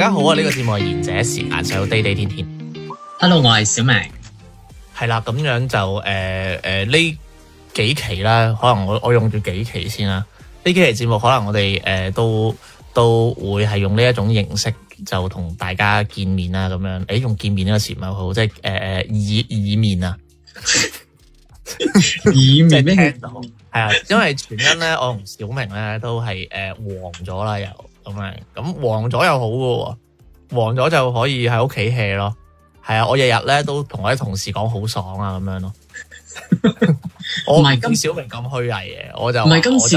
大家好、嗯、啊！呢、呢個節目係賢者時間，小 D、D 天天。Hello，我係小明。係啦、嗯，咁樣就誒誒呢幾期啦，可能我我用住幾期先啦。呢幾期節目，可能我哋誒、呃、都都會係用呢一種形式，就同大家見面喇，咁樣誒、欸、用見面呢個詞唔係好，即係誒誒耳耳面啊，耳面聽到係啊，因為全因咧，我同小明咧都係誒黃咗啦又。咁，咁黃咗又好噶喎，黃咗就可以喺屋企 hea 咯。係啊，我日日咧都同我啲同事講好爽啊，咁樣咯。 我唔係是金小明咁虛偽嘅，我就唔係今次，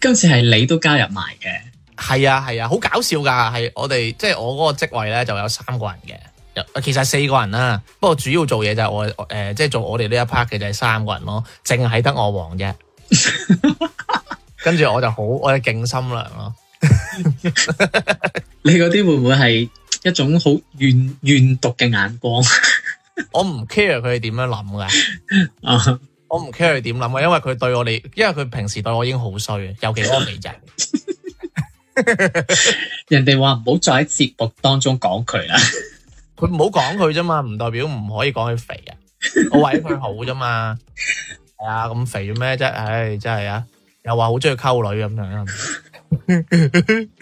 今次係你都加入埋嘅。係啊，係啊，好搞笑噶。係我哋即係我嗰個職位咧，就有三個人嘅，其實四個人啦。不過主要做嘢就係我誒，即、呃、係、就是、做我哋呢一 part 嘅就係三個人咯，淨係得我黃啫。 跟住我就好，我係勁心涼咯。 你嗰啲會唔會係一種好怨怨毒嘅眼光？ 我唔 care 佢點樣諗噶， 我唔 care 佢點諗啊，因為佢對我哋，因為佢平時對我已經好衰嘅，尤其嗰個肥仔。 人哋話唔好再喺節目當中講佢啦，佢唔好講佢啫嘛，唔代表唔可以講佢肥 啊。我為咗佢好啫嘛，係啊，咁肥做咩啫？唉，真係啊，又話好中意溝女咁樣。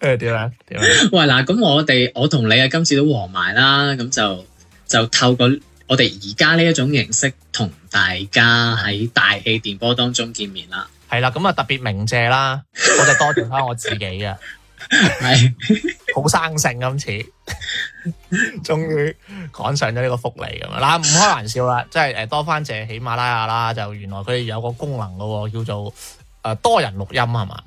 哎、喂，嗱，咁我哋我同你啊今次都和埋啦，咁就就透過我哋而家呢一種形式同大家喺大氣電波當中見面啦。係啦，咁啊特別鳴謝啦，我就多謝翻我自己啊，係好 生性今次，終於趕上咗呢個福利咁。嗱，唔 開玩笑啦，即係誒多翻謝喜馬拉雅啦，就原來佢哋有個功能噶，叫做誒多人錄音係嘛？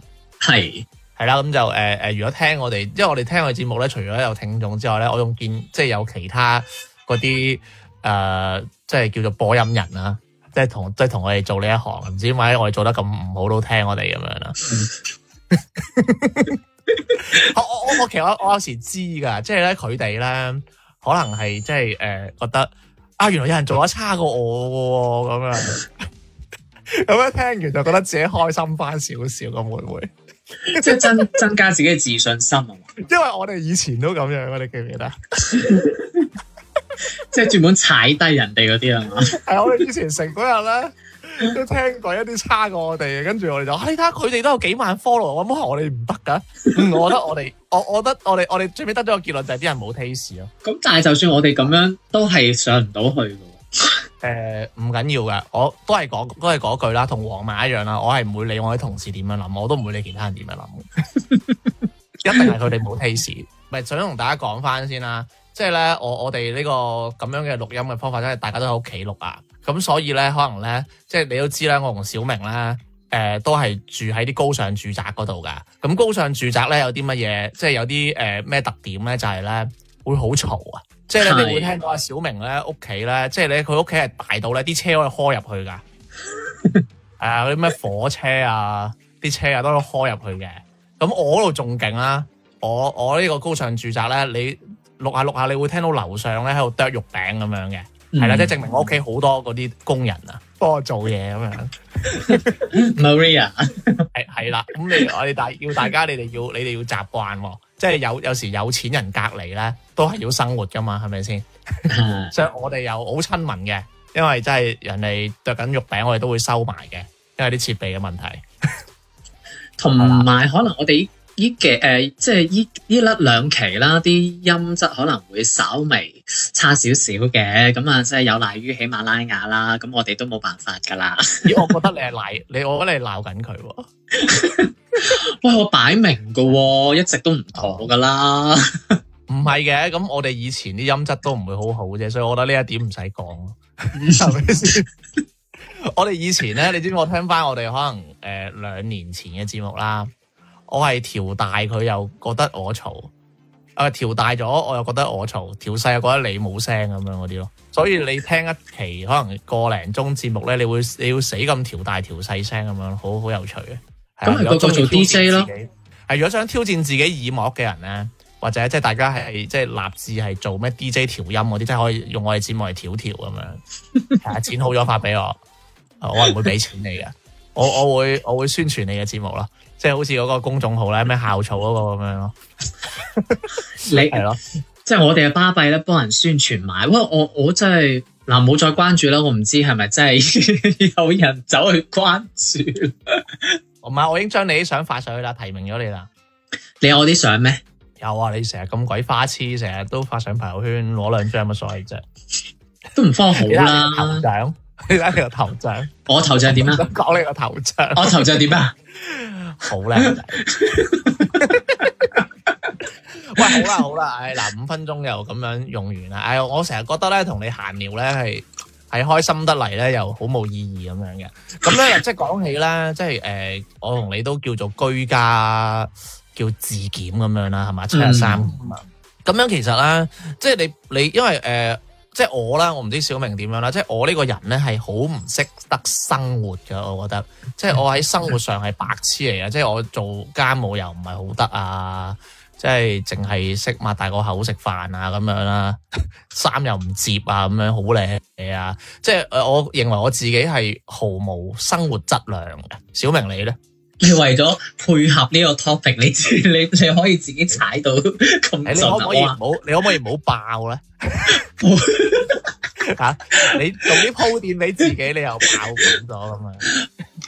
係係啦，咁就誒誒，如果聽我哋，因為我哋聽我哋節目咧，除咗有聽眾之外咧，我仲見即係有其他嗰啲誒，即係叫做播音人啊，即係同即係同我哋做呢一行，唔知點解我哋做得咁唔好都聽我哋咁樣啦。 我我我我其實我我有時知噶，即係咧佢哋咧可能係即係誒、呃、覺得啊，原來有人做得差過我咁樣，咁 樣聽完就覺得自己開心翻少少咁會唔會？妹妹即係增增加自己嘅自信心啊！因為我哋以前都咁樣，我你記唔記得？ 即係專門踩低人哋嗰啲啊，係我哋以前成嗰日咧都聽過一啲差過我哋，嘅、哎。跟住我哋就，睇下，佢哋都有幾萬 follow，我冇學我哋唔得噶。我覺得我哋，我我覺得我哋，我哋最尾得咗個結論就係啲人冇 taste 咯。咁但係就算我哋咁樣，都係上唔到去。誒，唔緊要嘅，我都係講，都係嗰句啦，同黃馬一樣啦，我係唔會理我啲同事點樣諗，我都唔會理其他人點樣諗， 一定係佢哋冇 taste。 唔係想同大家講翻先啦，即係咧，我我哋呢個咁樣嘅錄音嘅方法，真係大家都喺屋企錄啊。咁所以咧，可能咧，即係你都知啦，我同小明咧，誒、呃，都係住喺啲高尚住宅嗰度噶。咁高尚住宅咧有啲乜嘢？即係有啲誒咩特點咧？就係咧會好嘈啊。即係咧，你會聽到阿小明咧屋企咧，即係咧佢屋企係大到咧，啲車可以開入去噶，係啊，嗰啲咩火車啊，啲車啊都開入去嘅。咁我嗰度仲勁啦，我我呢個高尚住宅咧，你錄下錄下，你會聽到樓上咧喺度剁肉餅咁樣嘅，係啦、嗯，即係證明我屋企好多嗰啲工人啊，幫我做嘢咁樣。 Maria 係係啦，咁 你樂我哋大要大家，你哋要你哋要習慣喎。即係有有時有錢人隔離咧，都係要生活噶嘛，係咪先？所以我哋又好親民嘅，因為真係人哋着緊肉餅，我哋都會收埋嘅，因為啲設備嘅問題，同埋可能我哋。依嘅誒，即係依依粒兩期啦，啲音質可能會稍微差少少嘅，咁啊，即係有賴於喜馬拉雅啦，咁我哋都冇辦法噶啦。咦，我覺得你係賴，你我覺得你係鬧緊佢。 喂，我擺明噶，一直都唔妥噶啦，唔係嘅。咁我哋以前啲音質都唔會好好啫，所以我覺得呢一點唔使講。 我哋以前咧，你知唔知我聽翻我哋可能誒、呃、兩年前嘅節目啦？我係調大佢又覺得我嘈，啊調大咗我又覺得我嘈，調細又覺得你冇聲咁樣嗰啲咯。所以你聽一期可能個零鐘節目咧，你會你要死咁調大調細聲咁樣，好好有趣嘅。咁咪、啊、個做 DJ 咯，係如果想挑戰自己耳膜嘅人咧，或者即係大家係即係立志係做咩 DJ 調音嗰啲，即係可以用我哋節目嚟調調咁樣，係、 啊、剪好咗髮俾我，我係唔會俾錢你嘅， 我我會我會宣傳你嘅節目咯。即係好似嗰個公眾號咧，咩校草嗰個咁樣咯。 你係咯， 了即係我哋嘅巴閉咧幫人宣傳埋。喂，我我真係嗱，冇、啊、再關注啦。我唔知係咪真係有人走去關注。唔係，我已經將你啲相發上去啦，提名咗你啦。你有我啲相咩？有啊，你成日咁鬼花痴，成日都發上朋友圈攞兩張，有乜、啊、所謂啫？都唔慌，好啦， 校長。你睇下你個頭像，我頭像點啊？講你個頭像，我頭像點啊？好靚仔！喂，好啦好啦，哎嗱，五分鐘又咁樣用完啦。哎、啊，我成日覺得咧，同你閒聊咧係係開心得嚟咧，又好冇意義咁樣嘅。咁咧即係講起咧，即係誒、 呃，我同你都叫做居家叫自檢咁樣啦，係嘛？七十三咁樣，嗯、樣其實咧，即係你你因為誒。呃即係我啦，我唔知小明點樣啦。即係我呢個人咧，係好唔識得生活噶，我覺得。即係我喺生活上係白痴嚟嘅，即係我做家務又唔係好得啊，即係淨係識擘大個口食飯啊咁樣啦、啊，衫又唔摺啊咁樣，好靚嘢啊！即係誒，我認為我自己係毫無生活質量嘅。小明你咧？你為咗配合呢個 topic，你你你可以自己踩到咁盡啊！我唔好，你可唔可以唔好 爆咧？吓 你做啲鋪墊畀自己，你又爆咗咁啊？誒、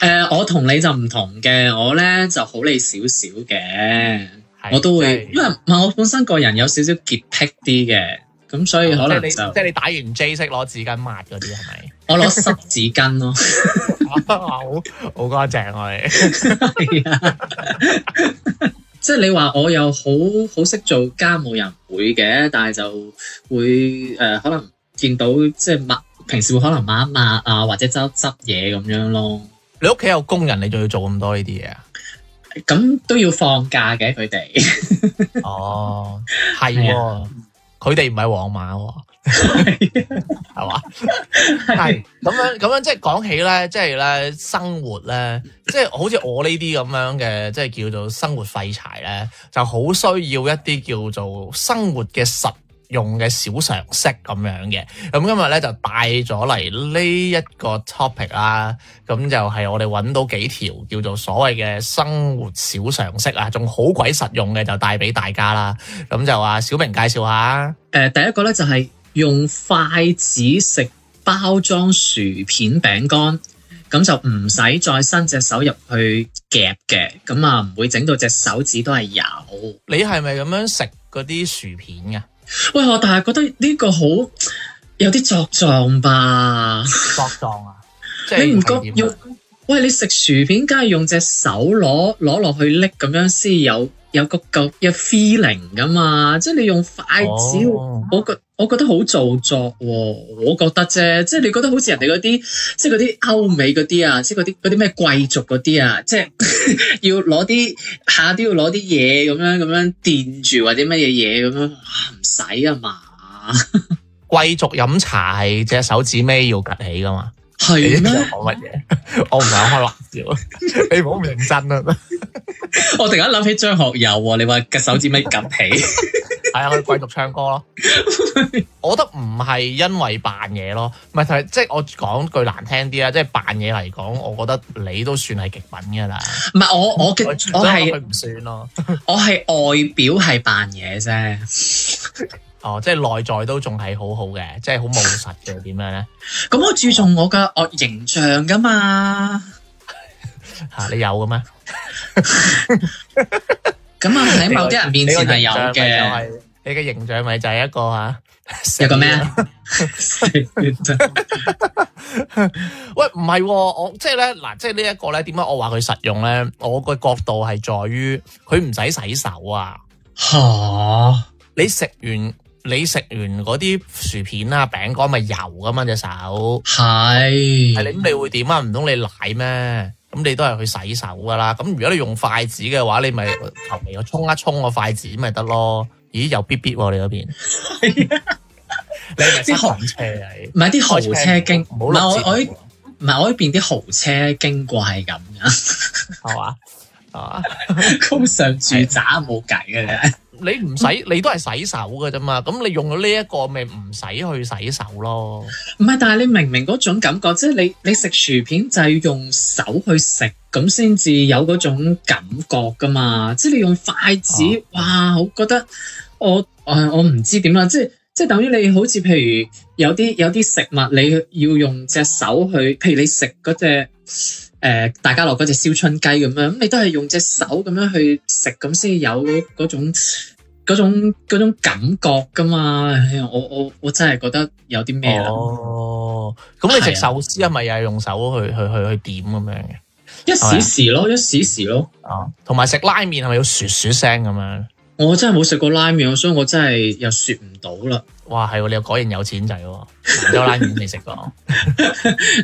呃，我同你就唔同嘅，我咧就好你少少嘅，的我都會，的因為唔係我本身個人有少少潔癖啲嘅，咁所以可能就即係、啊就是你，就是、你打完 J 式攞紙巾抹嗰啲係咪？ 我攞濕紙巾咯、哦， 好，好乾淨我哋。即係你話 我又好好識做家務，人唔會嘅，但係就會誒、呃，可能見到即係抹，平時會可能抹一抹啊，或者執執嘢咁樣咯。你屋企有工人，你仲要做咁多呢啲嘢啊？咁都要放假嘅佢哋。哦，係喎。佢哋唔係皇馬喎，係嘛 吧？係咁樣咁樣，即係講起咧，即係咧生活咧，即係好似我呢啲咁樣嘅，即係叫做生活廢柴咧，就好需要一啲叫做生活嘅實。用嘅小常識咁樣嘅，咁今日咧就帶咗嚟呢一個 topic 啦，啊，咁就係我哋揾到幾條叫做所謂嘅生活小常識啊，仲好鬼實用嘅就帶俾大家啦。咁就話小明介紹下，誒，呃，第一個咧就係、是、用筷子食包裝薯片餅乾，咁就唔使再伸隻手入去夾嘅，咁啊唔會整到隻手指都係油。你係咪咁樣食嗰啲薯片噶？喂，我但係覺得呢個好有啲作狀吧，作狀啊！就是、是你唔覺要？喂，你食薯片梗係用隻手攞攞落去拎咁樣先有有個夠有 feeling 㗎嘛？即係你用筷子嗰個。哦我覺得好做作喎、啊，我覺得啫，即係你覺得好似人哋嗰啲，即係嗰啲歐美嗰啲啊，即係嗰啲啲咩貴族嗰啲啊，即係 要攞啲下都要攞啲嘢咁樣咁樣墊住或者乜嘢嘢咁樣，唔使啊嘛！貴族飲茶係隻手指尾要趷起噶嘛？係咩？你講乜嘢？我唔想開玩笑， 你唔好唔認真啊！ 我突然間諗起張學友喎、啊，你話趷手指尾趷起。 係 啊，佢貴族唱歌咯， 我覺得唔係因為扮嘢咯，唔係，即係我講句難聽啲啦，即係扮嘢嚟講，我覺得你都算係極品噶啦。唔係我我嘅我係唔算咯，我係外表係扮嘢啫。哦，即係內在都仲係好好嘅，即係好務實嘅，點樣咧？咁我注重我嘅我形象噶嘛？吓，你有噶咩？ 咁啊，喺某啲人面前係有嘅，你嘅形象咪就係一個啊？一個咩啊？喂，唔係、哦、我即係咧，嗱，即係呢一個咧，點解我話佢實用咧？我個角度係在於佢唔使洗手啊！吓，你食完你食完嗰啲薯片啊、餅乾，咪油噶嘛隻手係，係，咁你，你會點啊？唔通你奶咩？咁你都係去洗手噶啦，咁如果你用筷子嘅話，你咪求其我沖一沖個筷子咪得咯。咦，又嗶嗶喎你嗰邊，你咪啲豪車，唔係啲豪車經，唔係不我我唔係我呢我邊啲豪車經過係咁噶， 好啊。啊！高 上住宅冇計嘅，你唔使、嗯、你都係洗手嘅啫嘛。咁你用咗呢一個，咪唔使去洗手咯。唔係，但係你明明嗰種感覺，即係你你食薯片就係用手去食，咁先至有嗰種感覺噶嘛。即係你用筷子，啊、哇，我覺得我誒，我唔知點啦。即係即係等於你好似譬如有啲有啲食物，你要用隻手去，譬如你食嗰隻誒、呃，大家樂嗰隻燒春雞咁樣，咁、嗯、你都係用隻手咁樣去食，咁先有嗰種種種感覺噶嘛？我我我真係覺得有啲咩啊？哦，咁你食壽司係咪又係用手去、啊、去去去點咁樣嘅？一時時咯，是是一時時咯。啊、哦，同埋食拉麵係咪要噓噓聲咁樣？我真係冇食過拉麵，所以我真係又說唔到啦。哇，係、啊、你又果然有錢仔，蘭州拉麵你食過？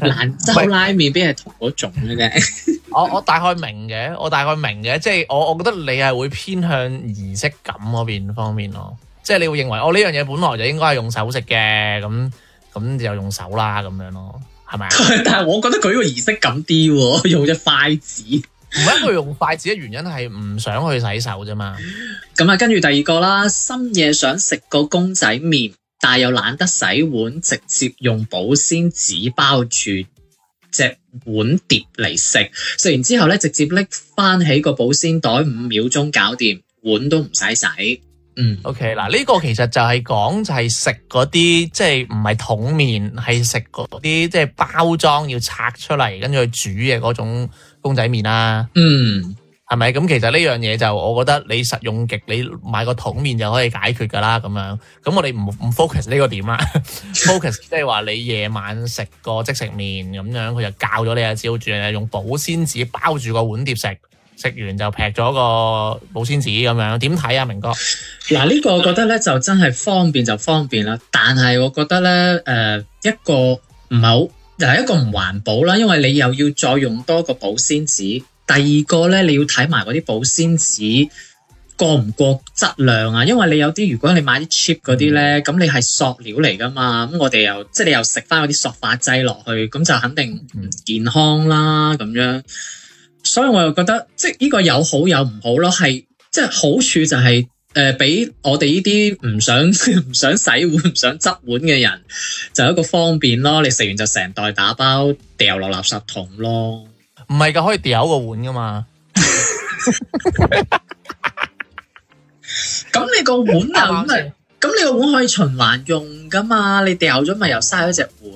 蘭 州拉麵邊係同嗰種嘅？ 我我大概明嘅，我大概明嘅，即係我我覺得你係會偏向儀式感嗰邊方面咯，即係你會認為哦呢樣嘢本來就應該係用手食嘅，咁咁就用手啦咁樣咯，係咪 但係我覺得佢依個儀式感啲，用隻筷子。唔係佢用筷子嘅原因係唔想去洗手啫嘛。咁啊，跟住第二個啦，深夜想食個公仔麵，但係又懶得洗碗，直接用保鮮紙包住隻碗碟嚟食。食完之後咧，直接拎翻起個保鮮袋，五秒鐘搞掂，碗都唔使洗。嗯，OK，嗱呢個其實就係講就係食嗰啲即係唔係桶麵，係食嗰啲即係包裝要拆出嚟，跟住去煮嘅嗰種。公仔麵啦、啊，嗯，係咪？咁其實呢樣嘢就，我覺得你實用極，你買個桶麵就可以解決噶啦。咁樣，咁我哋唔唔 focus 呢個點啊？focus 即係話你夜晚食個即食麵咁樣，佢就教咗你啊，照住用保鮮紙包住個碗碟食，食完就劈咗個保鮮紙咁樣。點睇啊，明哥？嗱，呢個我覺得咧就真係方便就方便啦，但係我覺得咧，誒、呃，一個唔係好。又係一個唔環保啦，因為你又要再用多個保鮮紙。第二個咧，你要睇埋嗰啲保鮮紙過唔過質量啊。因為你有啲，如果你買啲 cheap 嗰啲咧，咁、嗯、你係塑料嚟噶嘛。咁我哋又即係你又食翻嗰啲塑化劑落去，咁就肯定唔健康啦。咁樣，所以我又覺得即係呢個有好有唔好咯。係即係好處就係、是。誒，畀我哋呢啲唔想唔想洗碗，唔想執碗嘅人，就一個方便咯。你食完就成袋打包掉落垃圾桶咯。唔係噶，可以掉個碗噶嘛。咁你個碗啊，咁咪咁你個碗可以循環用噶嘛？你掉咗咪又嘥咗隻碗？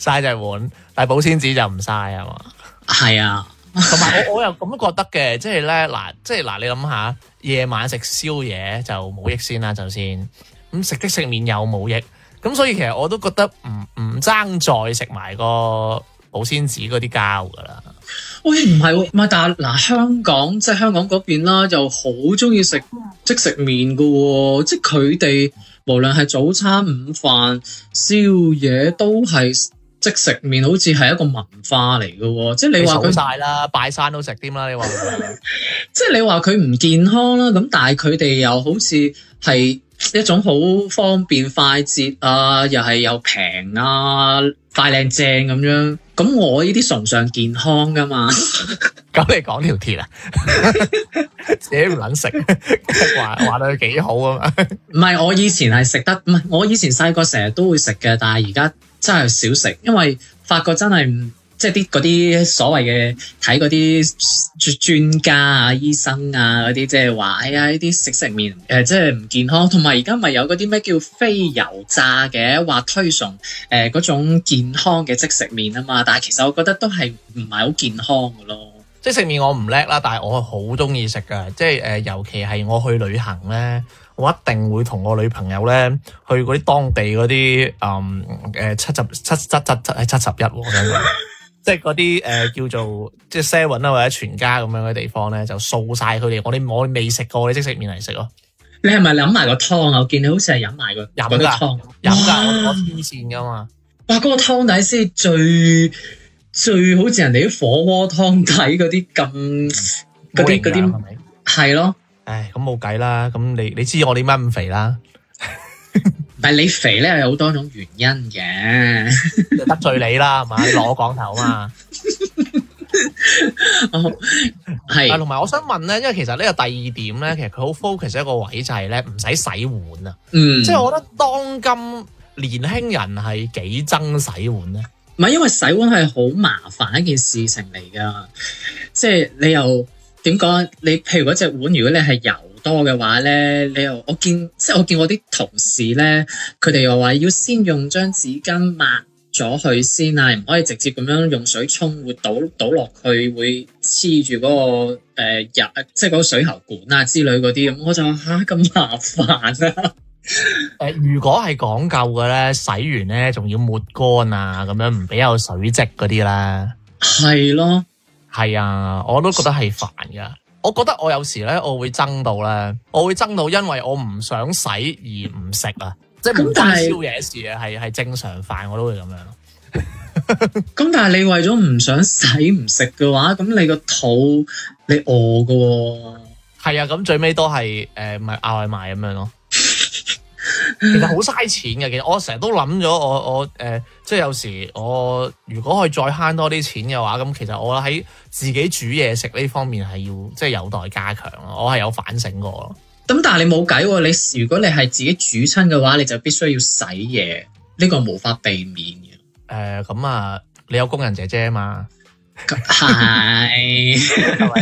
嘥隻碗，但係保鮮紙就唔嘥啊嘛？係啊。同埋 我我又咁樣覺得嘅，即係咧嗱，即係嗱，你諗下夜晚食宵夜就冇益先啦，就先咁食即食麵又冇益，咁所以其實我都覺得唔唔爭再食埋個保鮮紙嗰啲膠噶啦。喂，唔係喎，唔係，但係嗱，香港即係香港嗰邊啦，又好中意食即食麵噶喎，即係佢哋無論係早餐、午飯、宵夜都係。即食麵好似係一個文化嚟嘅，即係你話佢大啦，拜山都食啲啦，你話。 即係你話佢唔健康啦，咁但係佢哋又好似係一種好方便快捷又又便快 啊，又係又平啊，快靚正咁樣。咁我呢啲崇尚健康噶嘛。咁你講條鐵啊？你唔撚食，話話到幾好啊？唔係，我以前係食得，唔係我以前細個成日都會食嘅，但係而家。真係少食，因為發覺真係唔即係啲嗰啲所謂嘅睇嗰啲專家啊、醫生啊嗰啲，即係話哎呀呢啲食食麵誒，即係唔健康。同埋而家咪有嗰啲咩叫非油炸嘅，話推崇誒嗰、呃、種健康嘅即食麵啊嘛。但係其實我覺得都係唔係好健康嘅咯。即食麵我唔叻啦，但係我係好中意食噶，即係誒、呃，尤其係我去旅行咧。我一定會同我女朋友咧去嗰啲當地嗰啲誒誒七十七七七七喺七十一喎、 呃，即係嗰啲誒叫做即係 seven 啦或者全家咁樣嘅地方咧，就掃晒佢哋。我哋我未食過，我即食麵嚟食咯。你係咪諗埋個湯啊？我見你好似係飲埋個飲㗎？飲㗎，我我黐線㗎嘛。哇！嗰個湯底先係最最好似人哋啲火鍋湯底嗰啲咁嗰啲啲，係咯、嗯。吧唉，咁冇計啦。咁你你知我點解咁肥啦？ 但係你肥咧，有好多種原因嘅。 得罪你啦，係 嘛？攞講頭嘛。係是。同埋我想問咧，因為其實呢個第二點咧，其實佢好 focus 一個位，就係咧唔使洗碗啊。嗯。即係我覺得當今年輕人係幾憎洗碗咧？唔係、嗯，因為洗碗係好麻煩一件事情嚟噶，即係你又。點講？你譬如嗰隻碗，如果你係油多嘅話咧，你又我見，即係我見我啲同事咧，佢哋又話要先用張紙巾抹咗佢先啊，唔可以直接咁樣用水沖，會倒倒落去會黐住嗰個誒油、呃，即係個水喉管啊之類嗰啲咁。我就吓咁麻煩啊！誒、啊， 如果係講究嘅咧，洗完咧仲要抹乾啊，咁樣唔俾有水漬嗰啲喇。係咯。係啊，我都覺得係煩噶。我覺得我有時咧，我會憎到咧，我會憎到，因為我唔想洗而唔食啊，即係但係是宵夜事嘅，係係正常飯，我都會咁樣咯。咁 但係你為咗唔想洗唔食嘅話，咁你個肚你餓噶喎、哦。係啊，咁、嗯、最尾都係誒，咪嗌外賣咁樣咯。 其實好嘥錢嘅，其實我成日都諗咗，我我誒、呃，即係有時我如果可以再慳多啲錢嘅話，咁其實我喺自己煮嘢食呢方面係要即係有待加強咯，我係有反省過咯。咁但係你冇計喎，你如果你係自己煮親嘅話，你就必須要洗嘢，呢、這個無法避免嘅。誒、呃，咁啊，你有工人姐姐啊嘛？係，係咪？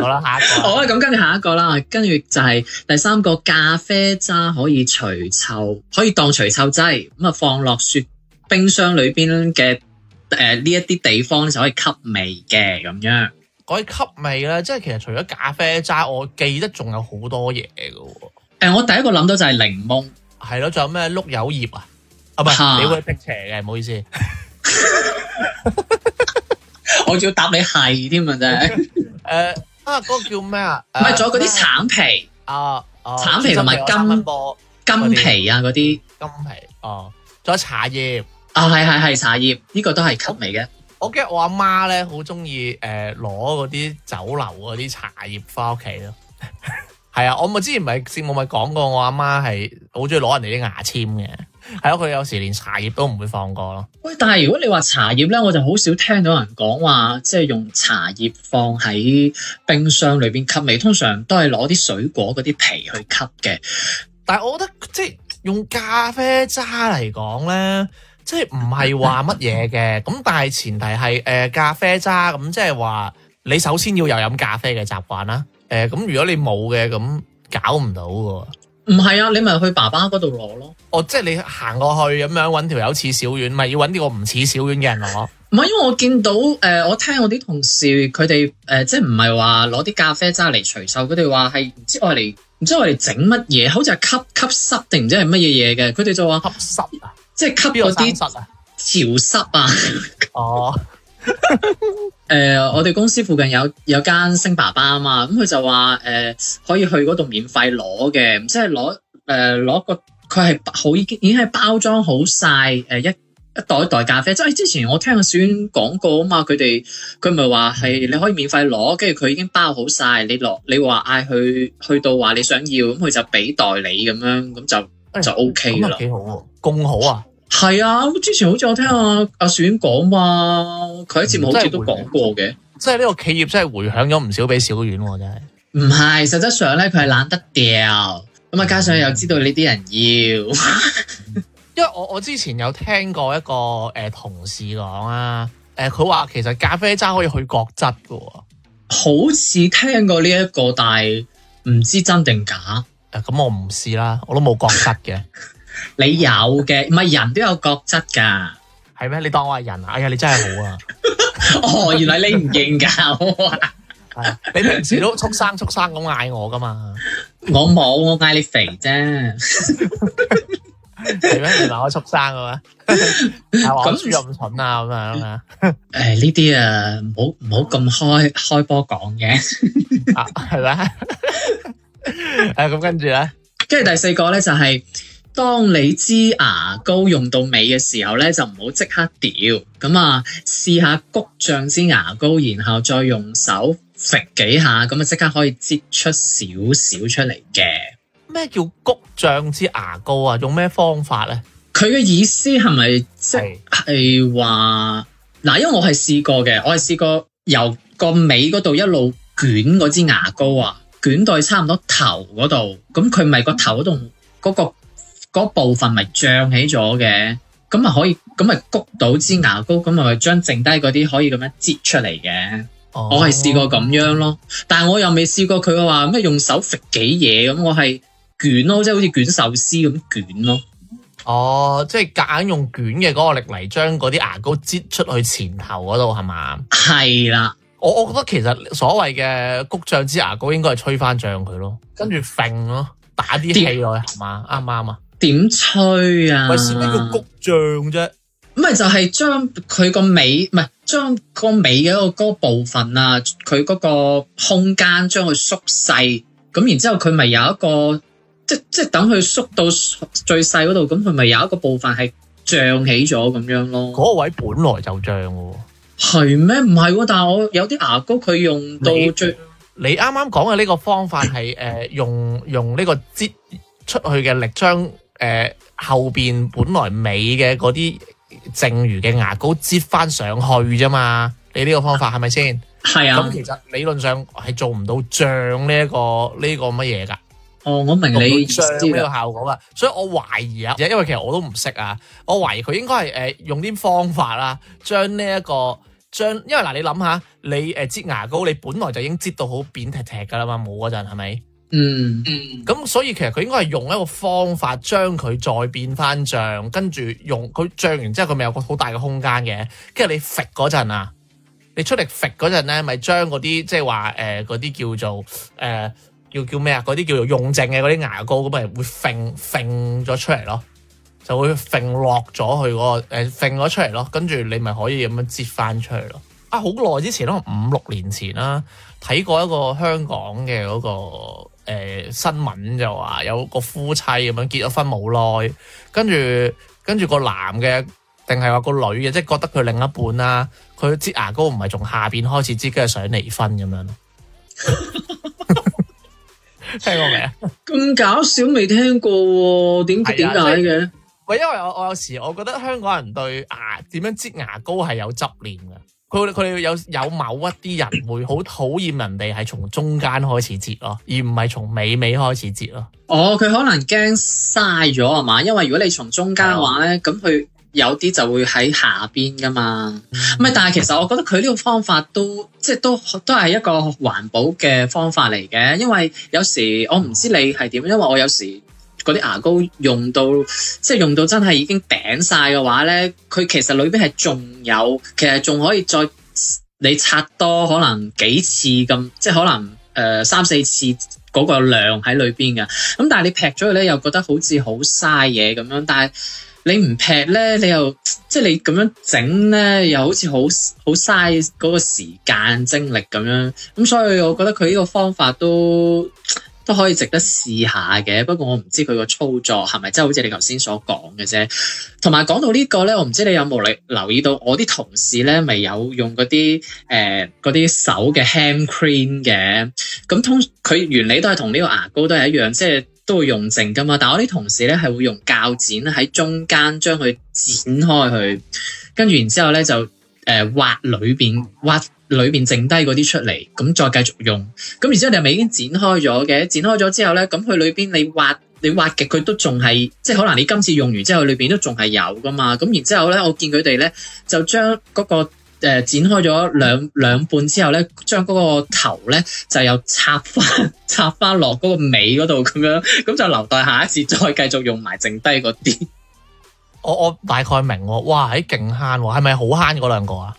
好啦，下一個。好啊，咁跟住下一個啦，跟住就係第三個咖啡渣可以除臭，可以當除臭劑。咁啊，放落雪冰箱裏邊嘅誒呢一啲地方就可以吸味嘅咁樣。可以吸味咧，即係其實除咗咖啡渣，我記得仲有好多嘢噶。誒，我第一個諗到就係檸檬，係咯，仲有咩碌柚葉啊？啊，唔，你會辟邪嘅，唔好意思。 我仲要答你係添 啊，真係。誒啊，嗰個叫咩啊？唔係，仲有嗰啲橙皮啊，啊橙皮同埋金金皮啊，嗰啲金皮哦，仲有茶葉啊，係係係茶葉，呢、嗯、個都係吸味嘅。我記得我阿媽咧好中意誒，攞嗰啲酒樓嗰啲茶葉翻屋企咯。係 啊，我咪之前咪節目咪講過我媽，我阿媽係好中意攞人哋啲牙籤嘅。係咯，佢有時連茶葉都唔會放過咯。喂，但係如果你話茶葉咧，我就好少聽到人講話，即係用茶葉放喺冰箱裏邊吸味。通常都係攞啲水果嗰啲皮去吸嘅。但係我覺得即係用咖啡渣嚟講咧，即係唔係話乜嘢嘅。咁但係前提係誒咖啡渣，咁即係話你首先要有飲咖啡嘅習慣啦。誒，咁如果你冇嘅，咁搞唔到嘅。唔係啊，你咪去爸爸嗰度攞咯。哦，即係你行過去咁樣揾條友似小丸，咪要揾啲我唔似小丸嘅人攞。唔係，因為我見到誒、呃，我聽我啲同事佢哋誒，即係唔係話攞啲咖啡渣嚟除臭，佢哋話係唔知我嚟，唔知我嚟整乜嘢，好似係吸吸濕定唔知係乜嘢嘢嘅，佢哋就話吸濕啊，即係吸咗啲潮濕啊。哦。誒、 呃，我哋公司附近有有間星爸爸啊嘛，咁、嗯、佢就話誒、呃、可以去嗰度免費攞嘅，即係攞誒攞個佢係好已經已經係包裝好晒誒一一袋一袋咖啡，即係之前我聽阿小娟講過啊嘛，佢哋佢唔係話係你可以免費攞，跟住佢已經包好晒，你落你話嗌佢去到話你想要，咁佢就俾袋你咁樣，咁就就 OK 啦，幾、欸、好喎，咁好啊？係啊，之前好似我聽阿阿小遠講嘛，佢喺節目好似都講過嘅。即係呢個企業真係回響咗唔少俾小遠、啊，真係。唔係實質上咧，佢係懶得掉，咁啊加上又知道呢啲人要。 因為我我之前有聽過一個誒、呃、同事講啊，誒佢話其實咖啡渣可以去角質嘅。好似聽過呢、這、一個，但係唔知真定假。誒咁、呃、我唔試啦，我都冇角質嘅。 你有嘅，唔係人都有角質噶，係咩？你當我係人啊？哎呀，你真係好啊！哦，原來你唔認噶，係、 哎、你平時都畜生畜生咁嗌我噶嘛？我冇，我嗌你肥啫，係咩？ 原來我畜生啊？咁住又唔蠢啊？咁樣咁樣？誒，呢啲啊，唔好唔好咁開開波講嘅，係咪啊？咁跟住咧，跟住第四個咧就係、是。當你支牙膏用到尾嘅時候咧，就唔好即刻掉，咁啊試下谷醬支牙膏，然後再用手搣幾下，咁啊即刻可以擠出少少出嚟嘅。咩叫谷醬支牙膏啊？用咩方法咧？佢嘅意思係咪即係話？嗱，因為我係試過嘅，我係試過由個尾嗰度一路捲嗰支牙膏啊，捲到差唔多頭嗰度，咁佢咪個頭嗰度嗰個嗰部分咪漲起咗嘅，咁咪可以咁咪谷到支牙膏，咁咪將剩低嗰啲可以咁樣擠出嚟嘅。哦，我係試過咁樣咯，但係我又未試過佢話咩用手揈幾嘢咁，我係捲咯，即係好似捲壽司咁捲咯。哦，即係夾硬用捲嘅嗰個力嚟將嗰啲牙膏擠出去前頭嗰度係嘛？係啦，我我覺得其實所謂嘅谷脹支牙膏應該係吹翻脹佢咯，跟住揈咯，打啲氣落去係嘛？啱唔啱啊？點吹啊？咪先呢個谷漲啫？唔係就係將佢個尾，唔係將個尾嘅一個嗰部分啊，佢嗰個空間將佢縮細，咁然之後佢咪有一個，即即係等佢縮到最細嗰度，咁佢咪有一個部分係漲起咗咁樣咯？嗰位本來就漲嘅，係咩？唔係、哦，但係我有啲牙膏，佢用到最你啱啱講嘅呢個方法係誒 用用呢個擠出去嘅力將。誒、呃，後邊本來尾嘅嗰啲剩餘嘅牙膏擠翻上去啫嘛，你呢個方法係咪先？係啊。 咁 其實理論上係做唔到脹呢一個呢、這個乜嘢噶。哦，我明你脹呢個效果啊， 所以我懷疑啊，因為其實我都唔識啊，我懷疑佢應該係誒用啲方法啦、這個，將呢一個將，因為嗱、呃、你諗下，你誒擠、呃、牙膏，你本來就已經擠到好扁踢踢噶啦嘛，冇嗰陣係咪？是嗯，咁、嗯、所以其實佢應該係用一個方法將佢再變翻脹，跟住用佢脹完之後，佢咪有個好大嘅空間嘅。跟住你揈嗰陣啊，你出嚟揈嗰陣咧，咪將嗰啲即係話誒嗰啲叫做誒、呃、叫叫咩啊？嗰啲叫做用淨嘅嗰啲牙膏，咁咪會揈揈咗出嚟咯，就會揈落咗去嗰個揈咗出嚟咯。跟住你咪可以咁樣折翻出嚟咯。啊，好耐之前咯，五六年前啦，睇過一個香港嘅嗰、嗰個。誒、呃，新聞就話有個夫妻咁樣結咗婚冇耐，跟住跟住個男嘅定係話個女嘅，即係覺得佢另一半啦，啊，佢擠牙膏唔係從下邊開始擠，跟住想離婚咁樣。 聽過未？沒， 哦，啊？咁搞笑未聽過？點點解嘅？喂，因為我我有時我覺得香港人對牙點樣擠牙膏係有執念嘅。佢佢哋有有某一啲人會好討厭人哋係從中間開始截咯，而唔係從尾尾開始截咯。哦，佢可能驚嘥咗啊嘛，因為如果你從中間嘅話咧，咁佢、嗯、有啲就會喺下邊㗎嘛。唔係、嗯，但係其實我覺得佢呢個方法都即係都都係一個環保嘅方法嚟嘅，因為有時我唔知你係點，因為我有時。嗰啲牙膏用到，即係用到真係已經頂晒嘅話呢，佢其實裏邊係仲有，其實仲可以再你刷多可能幾次咁，即係可能誒三四次嗰個量喺裏邊嘅。咁但係你劈咗佢呢，又覺得好似好嘥嘢咁樣。但係你唔劈呢，你又即係你咁樣整呢，又好似好好嘥嗰個時間精力咁樣。咁所以我覺得佢呢個方法都。都可以值得試下嘅，不過我唔知佢個操作係咪真係好似你頭先所講嘅啫。同埋講到呢個咧，我唔知你有冇留留意到，我啲同事咧咪有用嗰啲誒啲手嘅 hand cream 嘅，咁通佢原理都係同呢個牙膏都係一樣，即係都會用剩噶嘛。但係我啲同事咧係會用鉸剪喺中間將佢剪開佢，跟住然之後咧就。誒挖裏邊，挖裏邊剩低嗰啲出嚟，咁再繼續用。咁然之後，你係咪已經剪開咗嘅？剪開咗之後咧，咁佢裏邊你挖，你挖極佢都仲係，即係可能你今次用完之後，裏邊都仲係有噶嘛？咁然之後咧，我見佢哋咧就將嗰個誒剪開咗兩兩半之後咧，將嗰個頭咧就又插翻插翻落嗰個尾嗰度咁樣，咁就留待下一次再繼續用埋剩低嗰啲。我我大概明喎，哇喺勁慳喎，係咪好慳嗰兩個啊？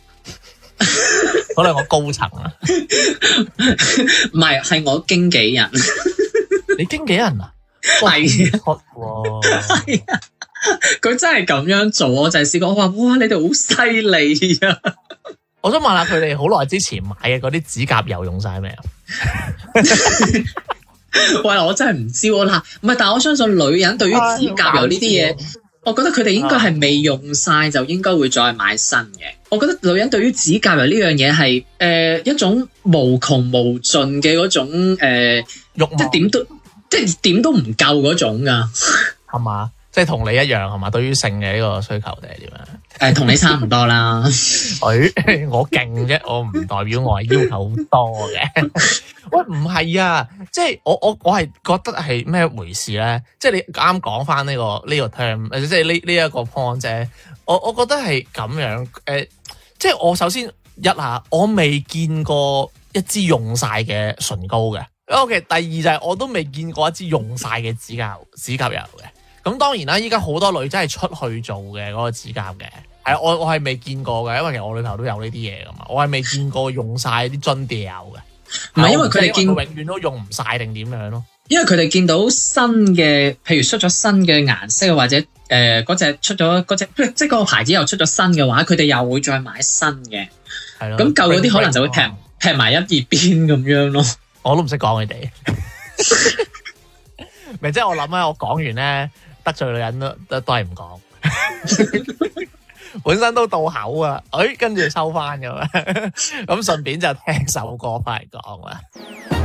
嗰 兩個高層啊？唔係，係我經紀人。 你經紀人啊？係啊，佢、哦啊啊、真係咁樣做，我就試過。我話：哇，你哋好犀利啊！ 我想問下佢哋好耐之前買嘅嗰啲指甲油用晒未啊？喂！ 我真係唔知喎，唔係，但我相信女人對於指甲油呢啲嘢。我覺得佢哋應該係未用晒就應該會再買新嘅。我覺得女人對於指甲油呢樣嘢係誒一種無窮無盡嘅嗰種誒，慾望，即點都即點都唔夠嗰種㗎，係嘛？即係同你一樣係嘛？對於性嘅呢個需求定係點樣？誒，同你差唔多啦。誒我勁啫，我唔 代表我係要求多嘅。 喂，唔係啊，即、就、係、是、我我我係覺得係咩回事咧？即、就、係、是、你啱講翻呢個呢、這個 term，即係呢呢一個 point 啫。我我覺得係咁樣誒，即、呃、係、就是、我首先一下，我未見過一支用晒嘅唇膏嘅。O、okay, K，第二就係我都未見過一支用晒嘅指甲油、指甲油嘅。咁當然啦，依家好多女仔係出去做嘅嗰、個指甲嘅，係我我係未見過嘅，因為其實我女朋友都有呢啲嘢噶嘛，我係未見過用晒啲樽掉嘅，唔係因為佢哋見，永遠都用唔晒定點樣咯，啊？因為佢哋見到新嘅，譬如出咗新嘅顏色，或者誒嗰隻出咗隻，即係嗰個牌子又出咗新嘅話，佢哋又會再買新嘅。係咯的。咁舊嗰啲可能就會劈撇埋一邊邊咁樣咯。我都唔識講佢哋。咪即係我諗咧，我講完咧。得罪女人都都係唔講。 本身都到口啊，哎，跟住收翻咁，咁 順便就聽首歌翻嚟講啦。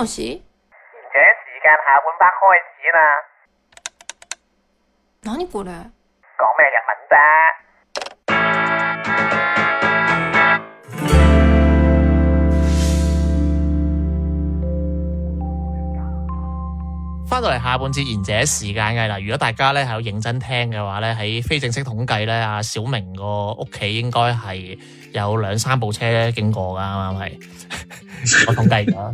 演講時間下半 part 開始啦，咩你講咧？講咩日文啫？翻到嚟下半節賢者時間嘅嗱，如果大家咧係有認真聽嘅話咧，喺非正式統計咧，阿小明個屋企應該係有兩三部車經過噶，係 我統計咗